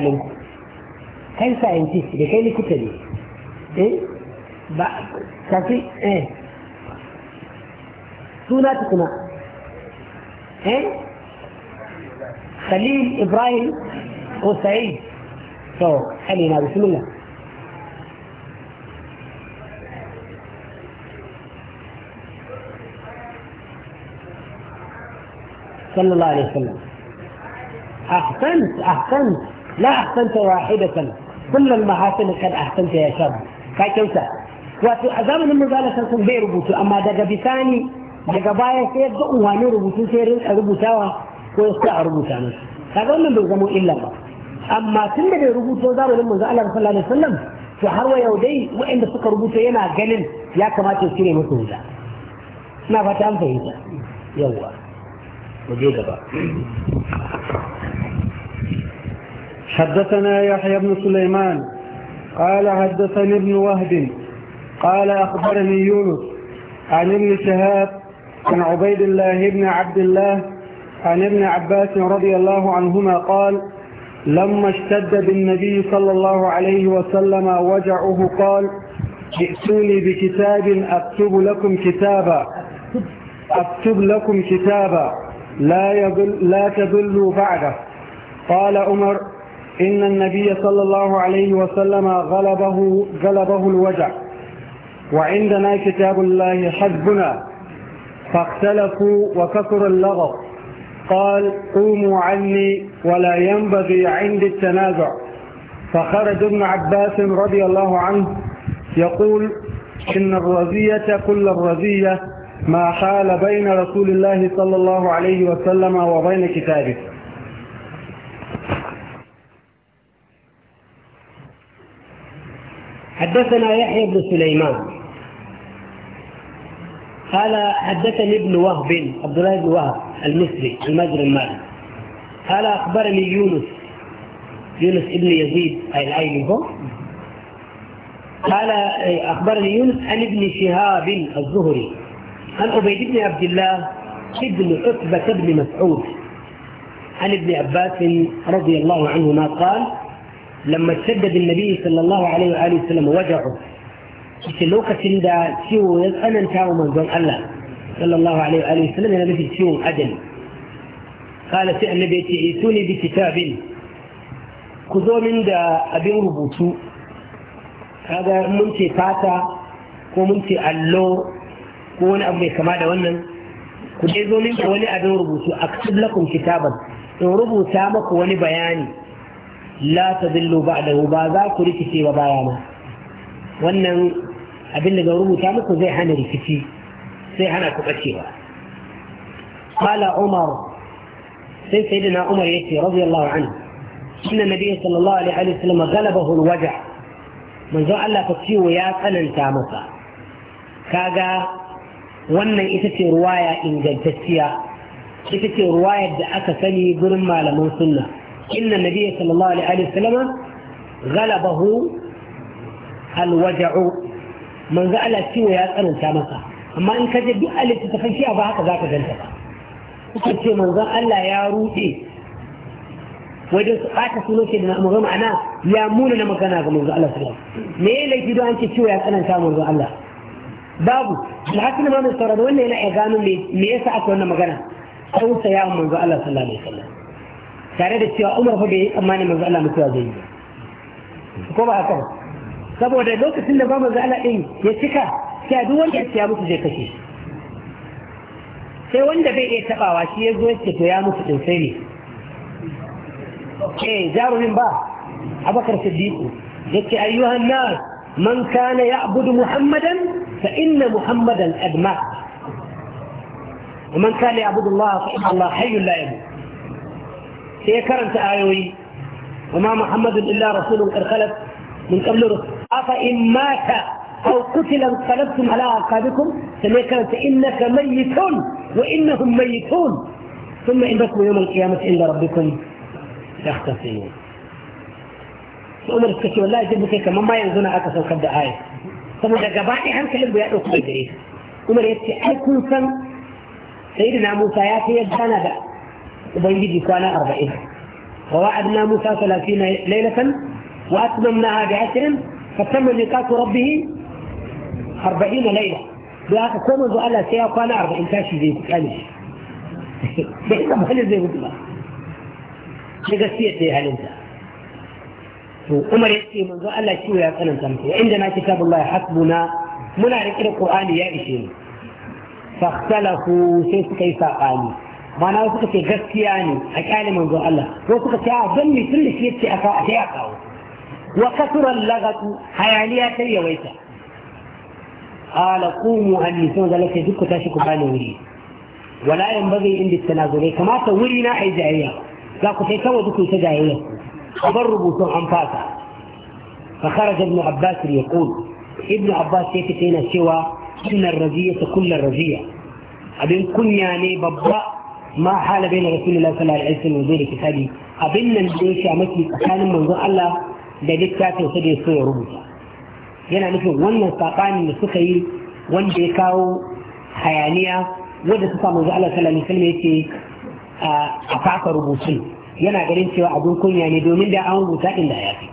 kai scientist da kai likita ne eh ba kafi eh suna kuma eh khalil ibrahim ko sa'id to halina bismillah صلى الله عليه وسلم أحسنت أحسنت لا أحسنت واحدة كل المحاسن قد أحسنت يا شاب فكيف وفي أزامن المدالسة كن بي ربوتو أما دقا بثاني دقا بايا سيد وانو ربوتو سير ربوتاوا ويستع ربوتانا هذا من بيزمو إلا ما أما سنة ربوتو دار لما زال رسول الله عليه وسلم في حروة يودي وإن سكر ربوتو ينا جنن يا كما تسيري مكوزا ما فتام فهيزا يوه وجودها حدثنا يحيى بن سليمان قال حدثني ابن وهب قال أخبرني يونس عن ابن شهاب عن عبيد الله بن عبد الله عن ابن عباس رضي الله عنهما قال لما اشتد بالنبي صلى الله عليه وسلم وجعه قال ائتوني بكتاب أكتب لكم كتابا أكتب لكم كتابا لا, يضل لا تضلوا بعده قال عمر إن النبي صلى الله عليه وسلم غلبه, غلبه الوجع وعندنا كتاب الله حزبنا فاختلفوا وكثر اللغط قال قوموا عني ولا ينبغي عندي التنازع فخرج ابن عباس رضي الله عنه يقول إن الرزية كل الرزية ما حال بين رسول الله صلى الله عليه وسلم وبين كتابه حدثنا يحيى بن سليمان قال حدثني ابن وهب عبد الله بن وهب المصري المجري المالي قال اخبرني يونس يونس ابن يزيد اي الايلي هو قال اخبرني يونس عن ابن شهاب الزهري عن عبيد بن عبد الله ابن عتبة بن مسعود عن ابن عباس رضي الله عنهما قال لما تشدد النبي صلى الله عليه وآله وسلم وجعه في لوكة دا سيو أنا تاو من دون الله صلى الله عليه وآله وسلم أنا مثل سيو أدن قال سي النبي ائتوني بكتاب كذو من دا أبي ربوتو هذا منتي فاتا ومنتي اللو ko wani abu mai kama da wannan ku dai zo min da wani abin rubutu aktub lakum kitaban in rubuta maku wani bayani la tadillu ba'dahu ba za ku rikice ba bayana wannan abin da rubuta muku zai hana rikici sai hana ku bacewa qala umar sai sayyidina umar yace radiyallahu anhu inna nabiyyi sallallahu alaihi wa sallam galabahu alwaja manzo Allah ta ciwo ya tsananta masa kaga wannan ita ce ruwaya ingantacciya ita ce ruwayar da aka sani gurin malaman sunna inna nabiyya sallallahu alaihi wa sallama galabahu alwaja'u manzo Allah ciwo ya tsananta masa amma in ka je duk alif ta kan shi ba haka zaka ganta ba kuka ce manzon Allah ya rude wajen su ɓata sunan shi da ma'ana ya muna na magana ga manzon Allah sallallahu alaihi wa sallam me yake don an ce ciwo ya tsananta manzon Allah babu alhakin ma mai sauraro wannan yana iya gano me yasa aka wannan magana kausa ya manzo Allah sallallahu alaihi wasallam tare da cewa Umar fa bai amana manzo Allah mutuwa zai yi ko ba haka saboda lokacin da ba manzo Allah din ya cika sai duk wanda ya tsaya musu zai kace sai wanda bai iya tabawa shi ya zo ya ce to ya musu din sai ne eh jarumin ba Abakar siddiqu yace ayyuhan nas من كان يعبد محمدا فإن محمدا قد مات ومن كان يعبد الله فإن الله حي لا يموت هي سيكرم آيوي وما محمد إلا رسول قد خلت من قبل رسول أفإن مات أو قتل انقلبتم على أعقابكم سيكرم فإنك ميت وإنهم ميتون ثم إنكم يوم القيامة عند ربكم تختصمون sai umar suka ce wallahi jin kai kamar ma yanzu na aka saukar da aya saboda gaba ɗaya hankalin ya ɗauki da gare umar ya ce ai kun san sayyidina musa ya fi yadda na da ubangiji kwana arba'in wa wa'adna musa salasina lailatan wa atmamnaha bi ashrin fa tamma liqatu rabbih arba'ina laila da haka ko manzo Allah sai ya kwana arba'in tashi zai ku kane shi bai san halin zai mutu ba sai gaskiya sai halinta to Umar ce manzo Allah shi ya tsananta muku inda na kitabullahi hasbuna muna rike da Qur'ani ya ishe mu fahtalafu sai suka yi saɓani mana wasu suka ce gaskiya ne a kyale manzo Allah ko suka ce a don mutum da shi yace aka a sai a kawo wa kasuran lagatu hayaniya ta yawaita ala qumu anni sun zalaka duk ku tashi ku bani wuri wala yan bazai inda zure kamata wuri na ai jayayya za ku sai kawai duk ku ta jayayya خبر بوسن عنفاتا فخرج ابن عباس يقول ابن عباس كيف تينا سوى إن الرزية كل الرزية أبين كنيا يعني ببا ما حال بين رسول الله صلى الله عليه وسلم وزير كتابي أبين الجيش أمكي أحيان من ذو الله لذلك كاتل سجل سوى ربوطا هنا نفسه وانا ساقاني من السخي وان بيكاو خيانية وانا ساقاني من ذو الله صلى الله عليه وسلم يكي أفعك آه، ربوطين yana ganin cewa abin kunya ne domin da an rubuta inda ya fi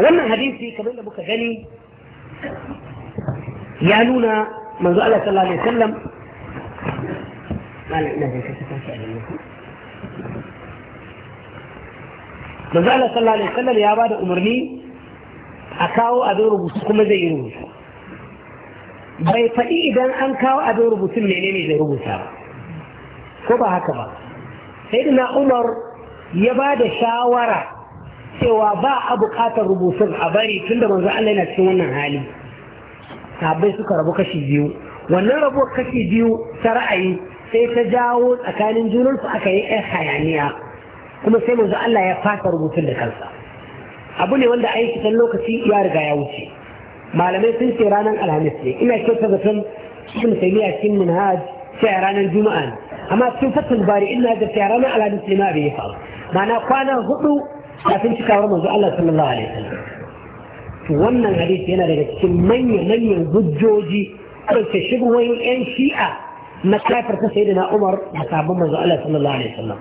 wannan hadisi kamar da muka gani ya nuna manzo Allah sallallahu alaihi wasallam manzo Allah sallallahu alaihi wasallam ya bada umarni a kawo abin rubutu kuma zai yi rubutu bai faɗi idan an kawo abin rubutun menene zai rubuta ba ko ba haka ba سيدنا عمر يبعد الشاورة سوى باع أبو كاتر ربو سبع باري تند من زعل لنا سوانا هالي سابي سكر أبو كشي ديو وانا ربو كشي ديو سرعي سيتجاوز أكان جنون فأكي إيه خيانيا كما سيما زعل لنا يفاتر ربو سبع كالسا أبو لي واندا أي كتنو كتي يارغا يوشي ما لم يكن سيرانا على مثلي إما كتبتن سيدنا سيدنا سيدنا سيدنا سيدنا سيدنا سيدنا سيدنا amma cikin fatul bari ina da ta ranar alhamis ne ma bai faru ma'ana kwana hudu kafin cikawar manzo Allah sallallahu alaihi wasallam to wannan hadisi yana daga cikin manyan manyan hujjoji ɗauke shigowar yan shi'a na kafir ta sayyidina Umar da sabon manzo Allah sallallahu alaihi wasallam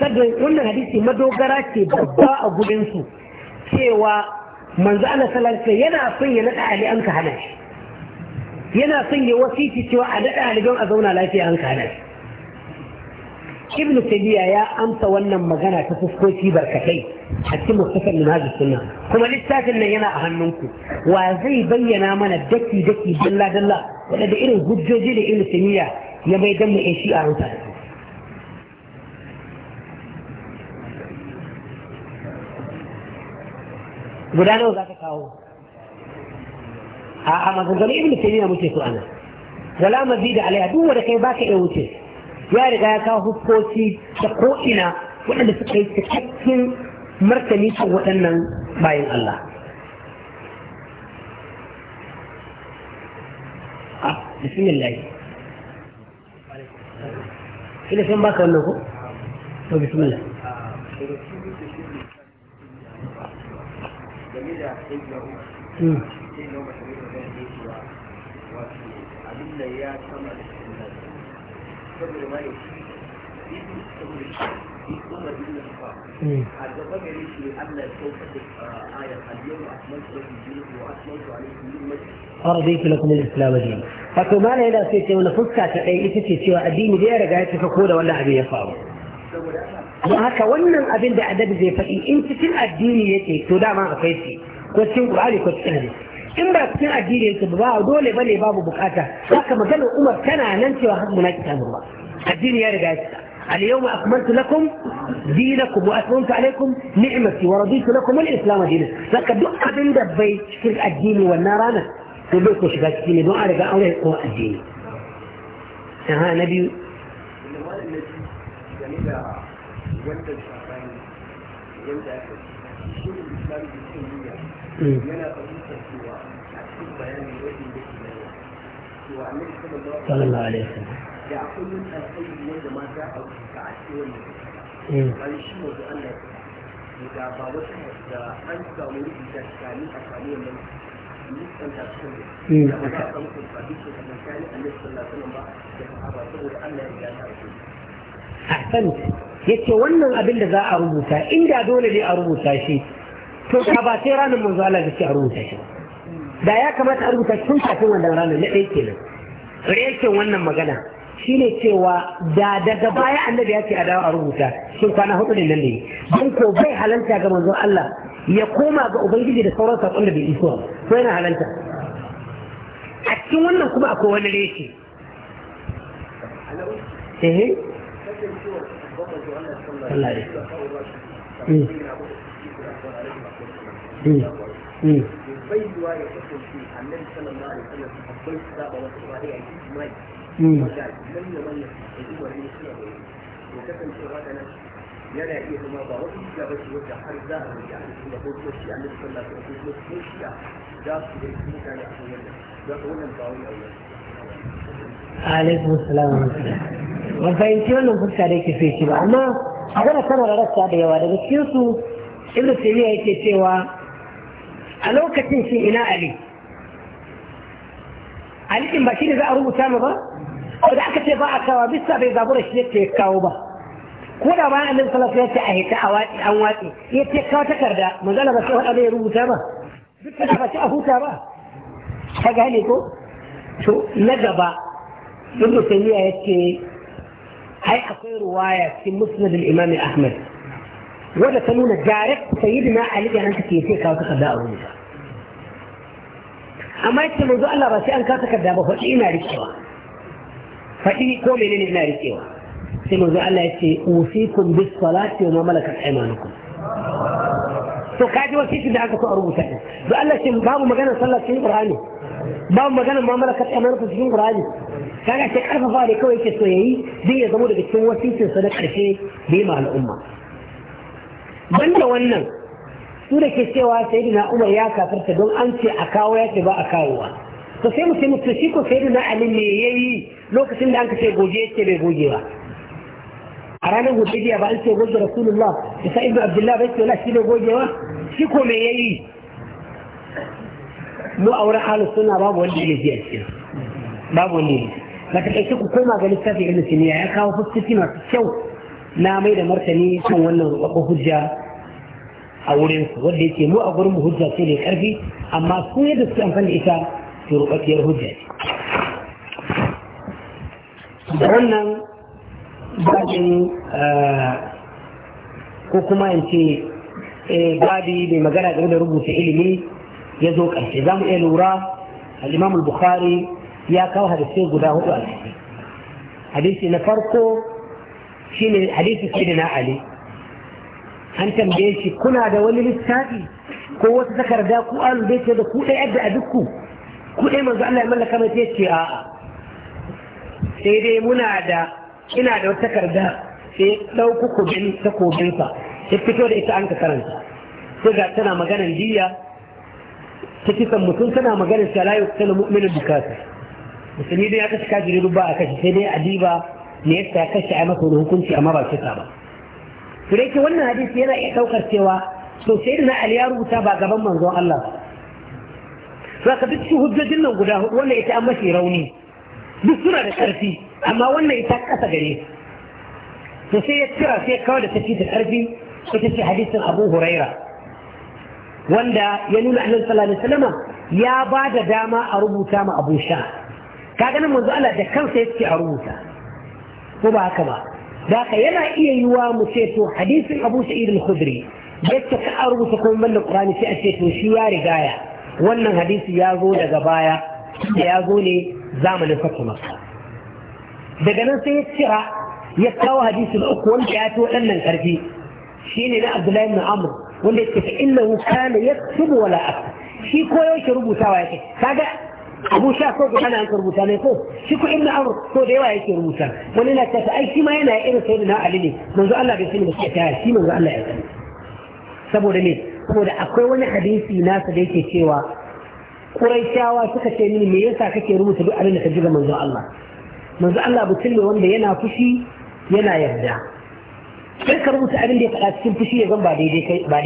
saboda wannan hadisi madogara ce babba a gurin su cewa manzo Allah sallallahu alaihi wasallam yana son ya nada Ali an ka hana shi yana son ya wasiti cewa a nada Ali don a zauna lafiya an ka hana shi ibn tabiya ya amsa wannan magana ta fuskoki barkatai a cikin muktasar minhaj sunna kuma littafin nan yana a hannunku wa zai bayyana mana daki daki dalla dalla wadanda irin hujjoji da ibn tabiya ya bai shi a za ta kawo a a maganganun ibn tabiya muke su ana wala mazida alaiha duk wanda kai baka iya wuce ya riga ya kawo hukoki da ko'ina waɗanda suka yi cikakken martani kan waɗannan bayan Allah ah, bismillah ina san baka wannan ko to bismillah hmm. game da أرضي لكم الإسلام دين فكو ما إذا سيتي ولا فسكا تقي إتتي سوى الدين دي أرقا يتفقونا ولا أبي يفاو وهكا ونن أبين دا أدب زي فإن إنت تلقى الدين يتي تودا ما أفيتي كنت تنقل عالي كنت تنقل in ba cikin addini yake ba dole bane babu bukata haka maganar umar tana nan cewa har muna kitan ruwa addini ya riga ya اليوم أكملت لكم دينكم وأتممت عليكم نعمتي ورضيت لكم الإسلام دينا لكن دقة بين دبي شكل الدين والنارانة تبقوا شكل الدين دون أرجع أولي قوة الدين ها نبي Eh. sallallahu alaihi wasallam da akwai a a saboda ya yace wannan abin da za a rubuta inda dole ne a rubuta shi to ka ba sai ranar manzo Allah ce a rubuta shi da ya kamata a rubuta tun kafin wannan ranar na ɗaya kenan rekin wannan magana shi ne cewa da daga baya annabi ya ce a dawo a rubuta shin kwana hudu ne nan ne don ko bai halanta ga manzon Allah ya koma ga ubangiji da sauran sakon da bai iso ba ko yana halanta a cikin wannan kuma akwai wani reshi? eh Allah ya yana iya zama ba wata a da za a ban fahimci wannan fuska da yake fice ba amma magana tana a rasta da yawa daga cikin su ibnu taymiya yake cewa a lokacin shi ina ali ali din ba shi ne za a rubuta mu ba ko da aka ce ba a kawa bisa bai zabura shi yake kawo ba ko da ba annabi sallallahu alaihi wasallam ya ce a hita a watsi an watsi ya ce kawo takarda magana ba sai wanda ya rubuta ba duk da ba ci a huta ba ka gane ko to na gaba ibnu taymiya yake هاي في رواية في مسند الإمام أحمد ولا تنون جارك سيدنا علي جهة أنت كي يسيك أو تخدا أولي أما يتسل موضوع الله بس أنك تخدا أبوه فإيه ماري سيوا فإيه كومي لين ماري سيوا في موضوع الله يتسي أوصيكم بالصلاة وما ملكت أيمانكم تو كاجي وسيك إذا أنك تقربوا سيدنا دو الله سيبابوا مجانا صلى الله سيدنا قرآني بابوا مجانا ما ملكت أيمانكم سيدنا قرآني kaga sai karfafa da kawai yake so yayi zai ya zama daga cikin wasitin sa na karshe da yi ma al'umma banda wannan su da ke cewa sayyidina Umar ya kafarta don an ce a kawo ya ce ba a kawo kawowa to sai mu sai mu to shi ko na Ali ne yayi lokacin da an ce goje ce bai goge ba a ranar hudaybiya ba an ce goge rasulullah isa ibnu abdullah bai ce la shi ne gogewa shi ko me yayi mu auren halin suna babu wanda ya ji a babu wanda ya ji na takaice ku koma ga littafin ibn siniya ya kawo fuskoki masu kyau na mai da martani kan wannan rubabbun hujja a wurin su wanda yake mu a gurin mu hujja ce da karfi amma su yadda suke amfani da ita su rubabbiyar hujja ce da wannan babin ko kuma in ce babi mai magana game da rubuta ilimi ya zo ƙarshe za mu iya lura al-imam al-bukhari ya kawo hadisai guda hudu a ciki hadisi na farko shine hadisi sayyidina ali an tambaye shi kuna da wani littafi ko wata takarda ku an dace da ku yadda a dukku ku ɗaya manzo Allah ya mallaka mai sai ce a'a sai dai muna da ina da wata takarda sai ɗauku kubin takobinsa ya fito da ita an ka karanta sai ga tana maganar jiya ta kisan mutum tana maganar shalayu tana mu'minin bukatu musulmi dai ya kashe kafiri duk ba a kashe sai dai adiba ne yasa ya kashe a masa hukunci amma ba kisa ba to dai ke wannan hadisi yana iya daukar cewa to sai da na ali ya rubuta ba gaban manzon Allah ba ka duk hujjojin nan guda hudu wannan ita an mashi rauni duk suna da karfi amma wannan ita kasa gare to sai ya tsira sai kawai da tafi da karfi ƙarfi ta ce hadisin Abu Huraira wanda ya nuna Annabi sallallahu alaihi wasallam ya ba da dama a rubuta ma Abu Sha ka ganin manzo Allah da kansa yake a rubuta ko ba haka ba da ka yana iya yiwa mu ce to hadisin Abu Sa'id al-Khudri yadda ka a rubuta kuma banda Qur'ani sai a ce to shi ya rigaya wannan hadisi ya zo daga baya da ya zo ne zamanin fatu Makka daga nan sai ya cira ya kawo hadisin uku wanda ya to waɗannan karfi shine na Abdullahi ibn Amr wanda yake fa innahu kana yaktubu wala aktubu shi koyaushe rubutawa yake kaga abu sha ko ku hana yanka rubuta ne ko shi ku inna amr ko da yawa yake rubuta wani na tafi ai shi ma yana irin sai na ali ne manzo Allah bai sani ba shi ta shi manzo Allah ya sani saboda ne saboda akwai wani hadisi sa da yake cewa Quraishawa suka ce mini me yasa kake rubuta duk abin da ka ji ga manzo Allah manzo Allah mutum ne wanda yana fushi yana yarda sai ka rubuta abin da ya faɗa cikin fushi ya zan ba daidai kake ba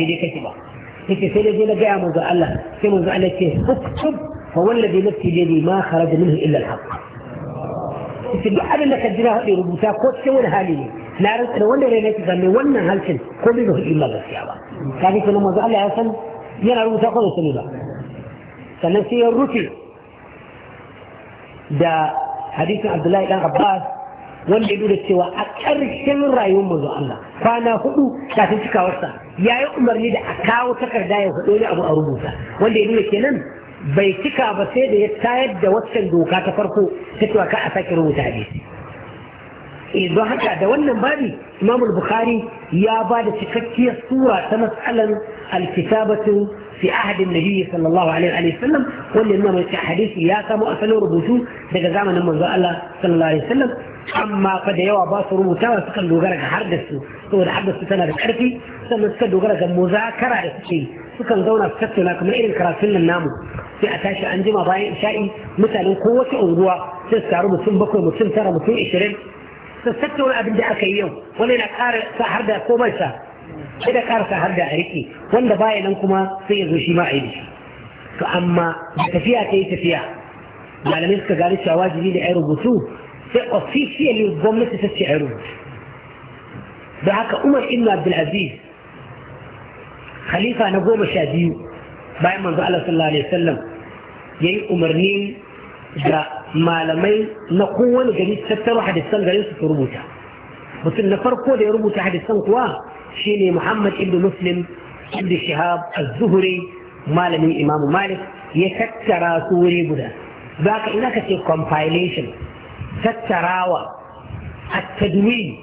yake sai da je na gaya manzo Allah sai manzo Allah ce hukum فوالذي نفسي بيدي ما خرج منه الا الحق في حال انك اديناها في ربوتا كوتش ولا هالي لا رد ولا لي نفسي ولا هالكن كل له الا بس يا ابا كان يقول لما قال لي حسن يلا ربوتا خذ السنه فنسي الركي دا حديث عبد الله بن عباس ولي يقول السوا اكثر شيء راي يوم الله فانا هدو كاتب كاوسا يا يؤمر يدعي كاوسا كاوسا يا هدو ابو اربوسا ولي يقول لك bai cika ba sai da ya tayar da waccan doka ta farko ta cewa ka a sake rubuta hadisi don haka da wannan babi imam bukhari ya ba da cikakkiyar sura ta matsalan alkitabatu fi ahadin nabiyyi sallallahu alaihi wa sallam wanda imam hadisi ya samu asalin rubutu daga zamanin manzo Allah sallallahu alaihi wa sallam أما قد يوا باصر وتوا سكن دوغرك حردس تو حردس سنة الكرتي سنة سكن دوغرك مذاكرة الشيء سكن دونا سكتنا كم إيرن كراسين النامو في أتاش عندي ما ضاي شيء مثلا قوة أوروا تستعرض مثل بكرة مثل ترى مثل إشرين سكتنا أبن دعك اليوم ولين أكار سحردا كوميسا إذا كار سحردا عريكي وند باي كما سيد وشي ما عيدي فأما تفيا تي تفيا على مسك قال الشواجي لي عيرو بسوه تقف في فيه اللي يضم تفتي عروج بعك عمر ابن عبد العزيز خليفه نقوم شاديو بعد ما صلى الله عليه وسلم يي امرنين جاء مالمين نقول جري ستر واحد السنة جري ستر ربوتا بس النفرقو دي ربوتا حد السنة كوا شيني محمد ابن مسلم ابن شهاب الزهري مالمي امام مالك يكتر سوري بدا ذاك انك تي كومبايليشن تتراوى التدوين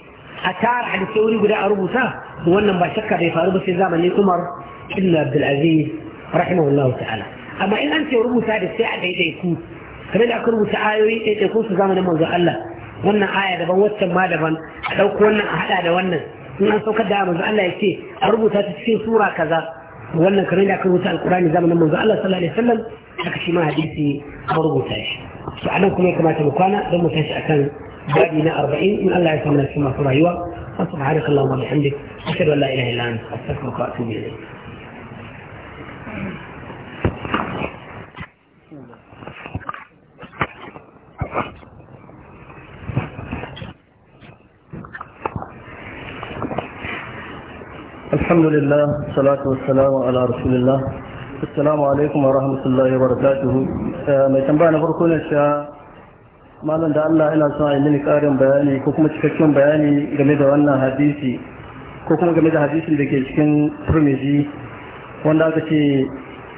أتار عن الثوري قد أربوسا هو أنه باشكا بيفا أربوس الزامن لأمر إلا عبد العزيز رحمه الله تعالى أما إن أنت أربوسا بسيعة إذا يكون فلن أكون متعايوي إذا يكون سزامن موزا الله وأن آية دبوت ما دبن لو كنا أحدا دبن إن أنت وقد دعا موزا الله يكي أربوسا تسكين سورة كذا وانا كنا أكون متعايوي القرآن زامن موزا الله صلى الله عليه وسلم حكشي ما هديتي أربوسا يشكي فعلمكم كما تبقانا ضم تسعة بابنا أربعين من الله يسمى لك ما فرى يوى فانصبح عارق الله وبحمدك أشهد أن لا إله إلا أنت أستغفرك وأتوب إليك الحمد لله والصلاة والسلام على رسول الله السلام عليكم ورحمة الله وبركاته Eh, mai tambaya na farko na sha malam da Allah ina son a yi mini karin bayani ko kuma cikakken bayani game da wannan hadisi ko kuma game da hadisin da ke cikin turmiji wanda aka ce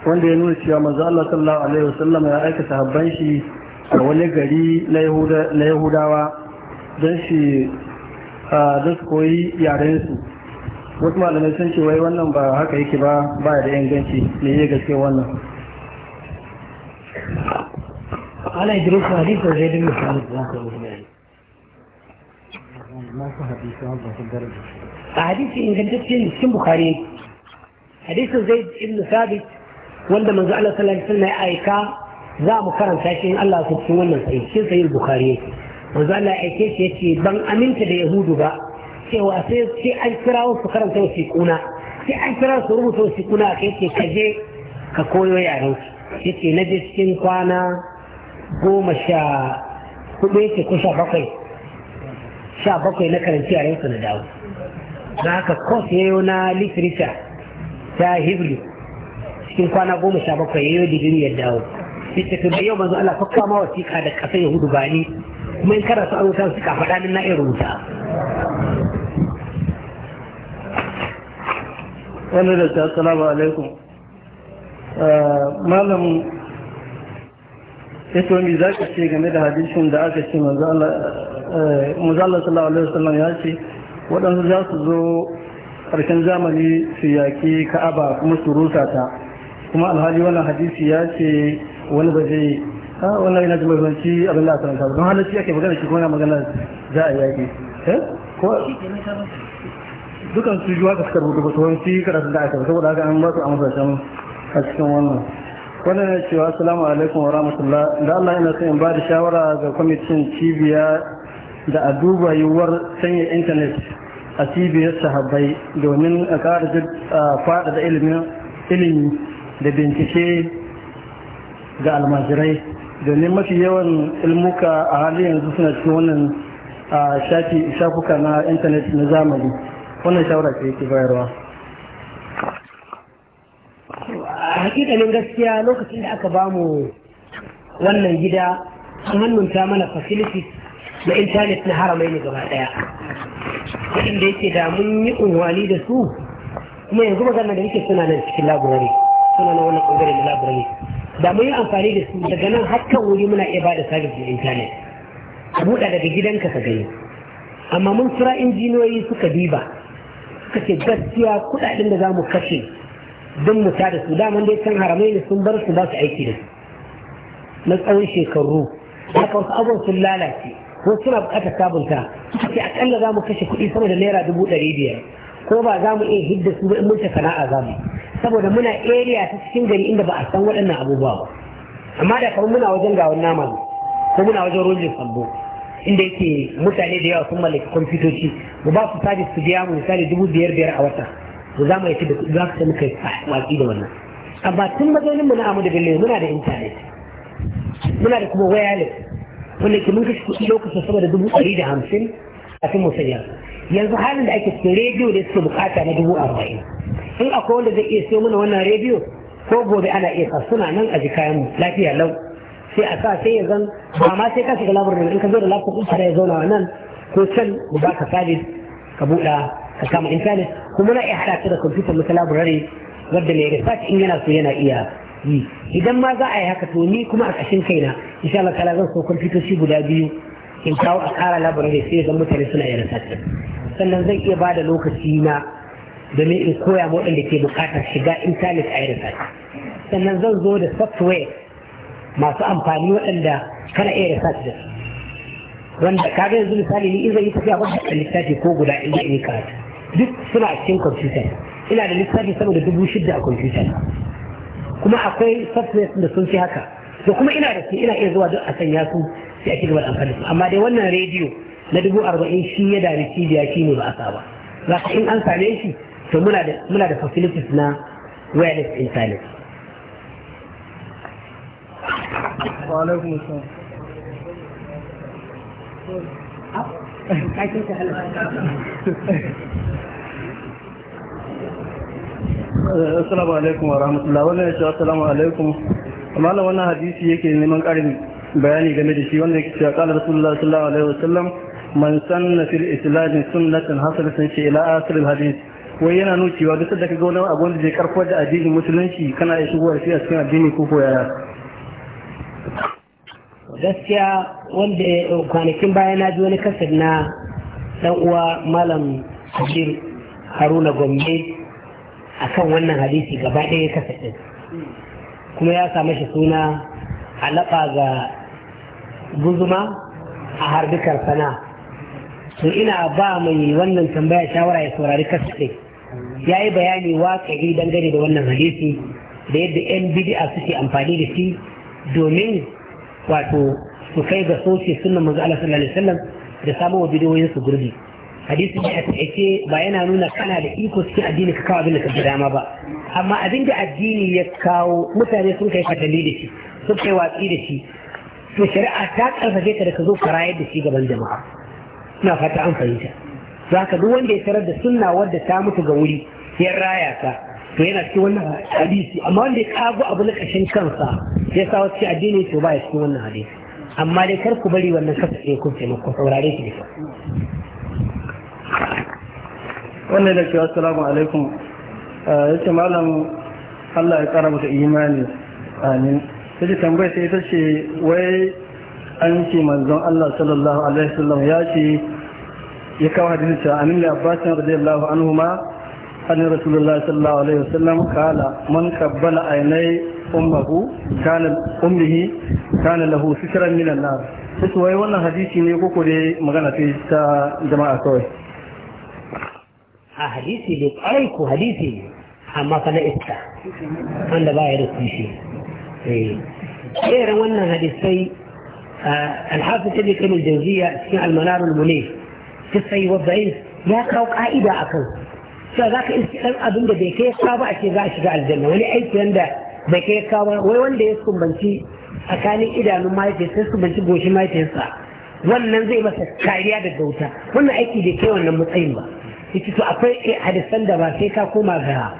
wanda ya nuna cewa manzo Allah sallallahu alaihi wasallam ya aika sahabban shi a wani gari na Yahudawa don shi da su koyi yaren su wasu malamai sun ce wai wannan ba haka yake ba ba da inganci ne ya gaske wannan ولا يدرس حديث زيد بن ثابت ذات الوجهين هذا في الدرجه ان كنت في سن بخاري حديث زيد بن ثابت وند من قال صلى الله عليه وسلم ايكا ذا مكرم شيء الله سبحانه وتعالى في سن صحيح البخاري وزال ايكيش يشي بن امنت اليهود با cewa sai sai an kira wasu karanta wasu kuna sai an kira su rubuta wasu kuna ka yake ka je ka koyo yaren su yake na cikin kwana goma sha hudu yake ko sha bakwai sha bakwai na karanci a yansu na dawo na haka kos yayo na literature ta hebrew cikin kwana goma sha bakwai yayo digiri ya dawo littafin da yau manzo Allah fakka ma wasiƙa da ƙasar yahudu ba ni kuma in karasa an rubuta suka faɗa ni na iya rubuta wani da ta salamu alaikum eh, malam ya to mi za ka ce game da hadisin da aka ce mazala eh, sallallahu alaihi wasallam ya ce waɗansu za su zo ƙarshen zamani su yaƙi ka'aba kuma su rusa ta kuma alhali wannan hadisi ya ce wani ba zai ha ah, wannan yana da mahimmanci abin da aka ranta don shi ake magana shi kuma magana za a yaƙi dukan su juwa ka suka rubuta ba su wani karatu da aka saboda haka an ba su amsa can a cikin wannan wannan ne cewa salamu alaikum wa rahmatullah da Allah yana son in ba da shawara ga kwamitin cibiya da a duba yiwuwar sanya intanet a cibiyar sahabbai domin a fada faɗaɗa ilimi da bincike ga almajirai domin mafi yawan ilmuka a halin yanzu suna cikin wannan shafuka na intanet na zamani wannan shawara ke yake bayarwa hakikanin gaskiya lokacin da aka bamu wannan gida an hannunta mana facilities na intanet na haramai ne gaba daya waɗanda yake da mun yi unwani da su kuma yanzu magana da yake suna nan cikin laburare suna na wannan ɓangare na laburare da mun yi amfani da su daga nan hakan wuri muna iya bada sabis na intanet a buɗa daga gidanka ka gani amma mun injiniyoyi suka diba suka ce gaskiya kuɗaɗen da za mu kashe don mu da su daman dai can haramai ne sun bar su ba su aiki da su na tsawon shekaru a farko abin sun lalace ko suna bukatar sabunta suka ce akalla za mu kashe kuɗi sama da naira dubu ɗari biyar ko ba za mu iya hidda su ba in mun sana'a za mu saboda muna area ta cikin gari inda ba a san waɗannan abubuwa ba amma da kamar muna wajen gawar nama ko muna wajen rojin sambo inda yake mutane da yawa sun mallaki kwamfutoci mu ba su sabis su biya mu misali dubu biyar biyar a wata to za mu yi da kuɗi za ka muka watsi da wannan amma tun mazaunin mu na amu da bello muna da intanet muna da kuma wireless wanda ke mun kashe kuɗi lokacin sama da dubu ɗari da hamsin a cikin musayar yanzu halin da ake cikin rediyo da suke bukata na dubu arba'in in akwai wanda zai iya siyo mana wannan rediyo ko gobe ana iya sa suna nan a jikayen lafiya lau sai a sa sai ya zan ba ma sai ka shiga labarin in ka zo da laptop ɗin ya zauna nan ko can ba ka sabis ka buɗa ka kama intanet kuma na iya haɗa ta da kwamfutar mata laburare wadda mai research in yana so yana iya yi idan ma za a yi haka to ni kuma a ƙashin kaina insha Allah ta'ala zan so kwamfutoci guda biyu in kawo a ƙara laburare sai zan mutane suna iya research sannan zan iya ba da lokaci na domin in koya ma waɗanda ke buƙatar shiga intanet a yi research sannan zan zo da software masu amfani waɗanda kana iya research da wanda kaga yanzu misali ni in zan yi tafiya ba da littafi ko guda in zan yi karatu duk suna a cikin kwamfuta ina da lissafi sama dubu shida a kwamfuta kuma akwai software da sun fi haka da kuma ina da su ina iya zuwa duk a sanya su sai a cigaba da amfani su amma dai wannan rediyo na dubu arba'in shi ya dari cibiya shi ne ba a saba za ka in an same shi to muna da facilities na wireless internet Eh, assalamu alaikum wa rahmatullahi wannan ya ce assalamu alaikum amma wannan hadisi yake neman ƙarin bayani game da shi wanda yake cewa qala rasulullah sallallahu alaihi wasallam man sanna fil islam sunnatan hasanatan shi ila akhir al hadith wai yana nucewa duk da kaga wani abu wanda zai karfafa da addinin musulunci kana ya shigo shi a cikin addini ko koyaya gaskiya wanda kwanakin baya na ji wani kasar na dan uwa malam Kabir Haruna Gombe akan wannan hadisi gaba ɗaya kasar ɗin, kuma ya sami shi suna laɓa ga guzuma a harbikar sana to ina ba mai wannan tambaya shawara ya saurari kasar ɗin ya yi bayani waƙari dangane da wannan hadisi da yadda 'yan bidi'a suke amfani da shi domin wato su kai ga soke sunan manzo Allah sallallahu alaihi wasallam da samu wa bidiyoyin su gurbi hadisi ne a take ba yana nuna kana da iko cikin addini ka kawo abin da ka dama ba amma abin da addini ya kawo mutane sun kai fatali da shi sun kai watsi da shi to shari'a ta karfafe ka da ka zo ka da shi gaban jama'a ina fata an fahimta za ka duk wanda ya tarar da sunna wadda ta mutu ga wuri ya raya ka to yana cikin wannan hadisi amma wanda ya kago abu na kashin kansa ya sa wasu addini to ba ya cikin wannan hadisi amma dai kar ku bari wannan kasa ɗaya kun taimako saurare shi da wannan da ke assalamu alaikum eh, ya ce malam Allah ya kara maka imani amin ta ce tambayar sai ita ce wai an ce manzon Allah sallallahu alaihi wasallam ya ce ya kawo hadisi ta amin da abbasin radiyallahu anhu ma أن رسول الله صلى الله عليه وسلم قال من كبل عيني أمه كان أمه كان له سترا من النار سوى وانا حديثي حديث كوكو دي مغانا في جماعة كوي آه، حديث دي أيكو حديث أما آه، فلا حديث عند باعي حديث إيه إيه حديث حديثي آه، الحافظ تبي كم الجوزية اسمع المنار المليف قصة يوضعين يا قوك عائدة أكوه cewa za ka iske ɗan abin da bai kai ka ba a ce za a shiga aljanna wani aiki wanda bai kai ka ba wai wanda ya sumbanci tsakanin idanun mahaifiyarsa ya sumbanci goshin mahaifiyarsa wannan zai masa kariya da gauta wannan aiki bai kai wannan matsayin ba yace to akwai hadisan da ba sai ka koma ga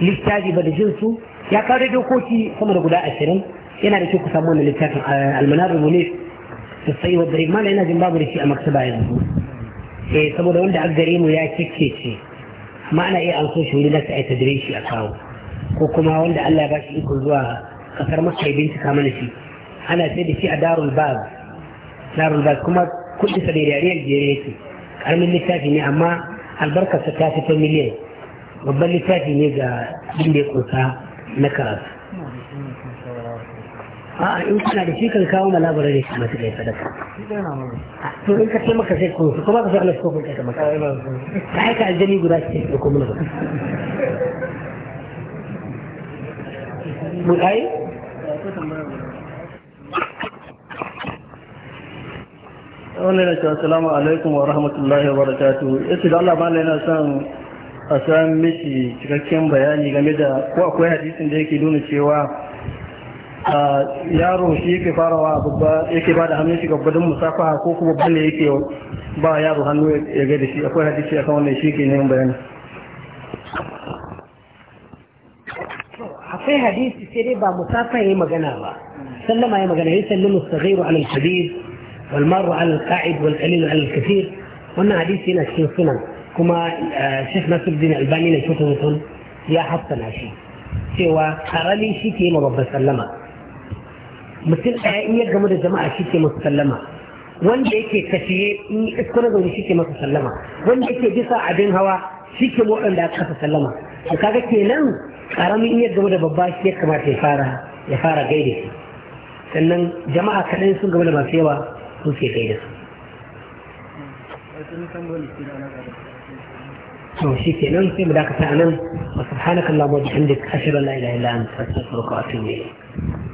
littafi ba da jin su ya kawo da dokoki sama da guda ashirin yana da kyau ku samu wannan littafin eh, almanar munif da sai wa dare mana yana jin babu da shi a maktaba yanzu eh saboda wanda aggare mu ya kike ma'ana iya an so shi wuri na sai tadire shi a kawo ko kuma wanda Allah ya ba shi ikon zuwa kasar Makka ya bincika mana shi ana sai da shi a Darul Baz Darul Baz kuma kuɗi sa da yare jere yake karamin littafi ne amma albarkarsa ta fi ta miliyan babban littafi ne ga inda ya kusa na karatu a in kana da shi kan kawo ne kuma su sadaka in ka taimaka sai kuma kuma ka maka ka aljani guda ce da kuma mun ai da cewa salamu alaikum wa rahmatullahi wa barakatuhu yace da Allah na yana son a san miki cikakken bayani game da ko akwai hadisin da yake nuna cewa yaro shi yake farawa babba yake ba da hannun shi ga gudun musafaha ko kuma babban ne yake ba yaro hannu ya ga da shi akwai hadisi akan wannan shi ke neman bayani akwai hadisi sai dai ba musafa yayi magana ba sallama yayi magana yayi sallamu saghiru ala al-kabir wal maru ala al-qa'id wal qalil ala al-kathir wannan hadisi yana cikin sunan kuma eh, Sheikh Nasiruddin Albani ne cikin sunan ya hassana shi cewa karami shi ke yi ma babban sallama mutum ɗaya in ya gamu da jama'a shi ke masu sallama wanda yake tafiye in iskuna zaune shi ke masu sallama wanda yake bisa abin hawa shi ke waɗanda aka kasa sallama to kaga kenan karamin in ya gamu da babba shi ya kamata ya fara ya fara gaida shi sannan jama'a kaɗan sun gama da masu yawa sun ke gaida su to shi kenan sai mu dakata anan wa subhanakallahumma wa bihamdika ashhadu an la ilaha illa anta astaghfiruka wa atubu ilayk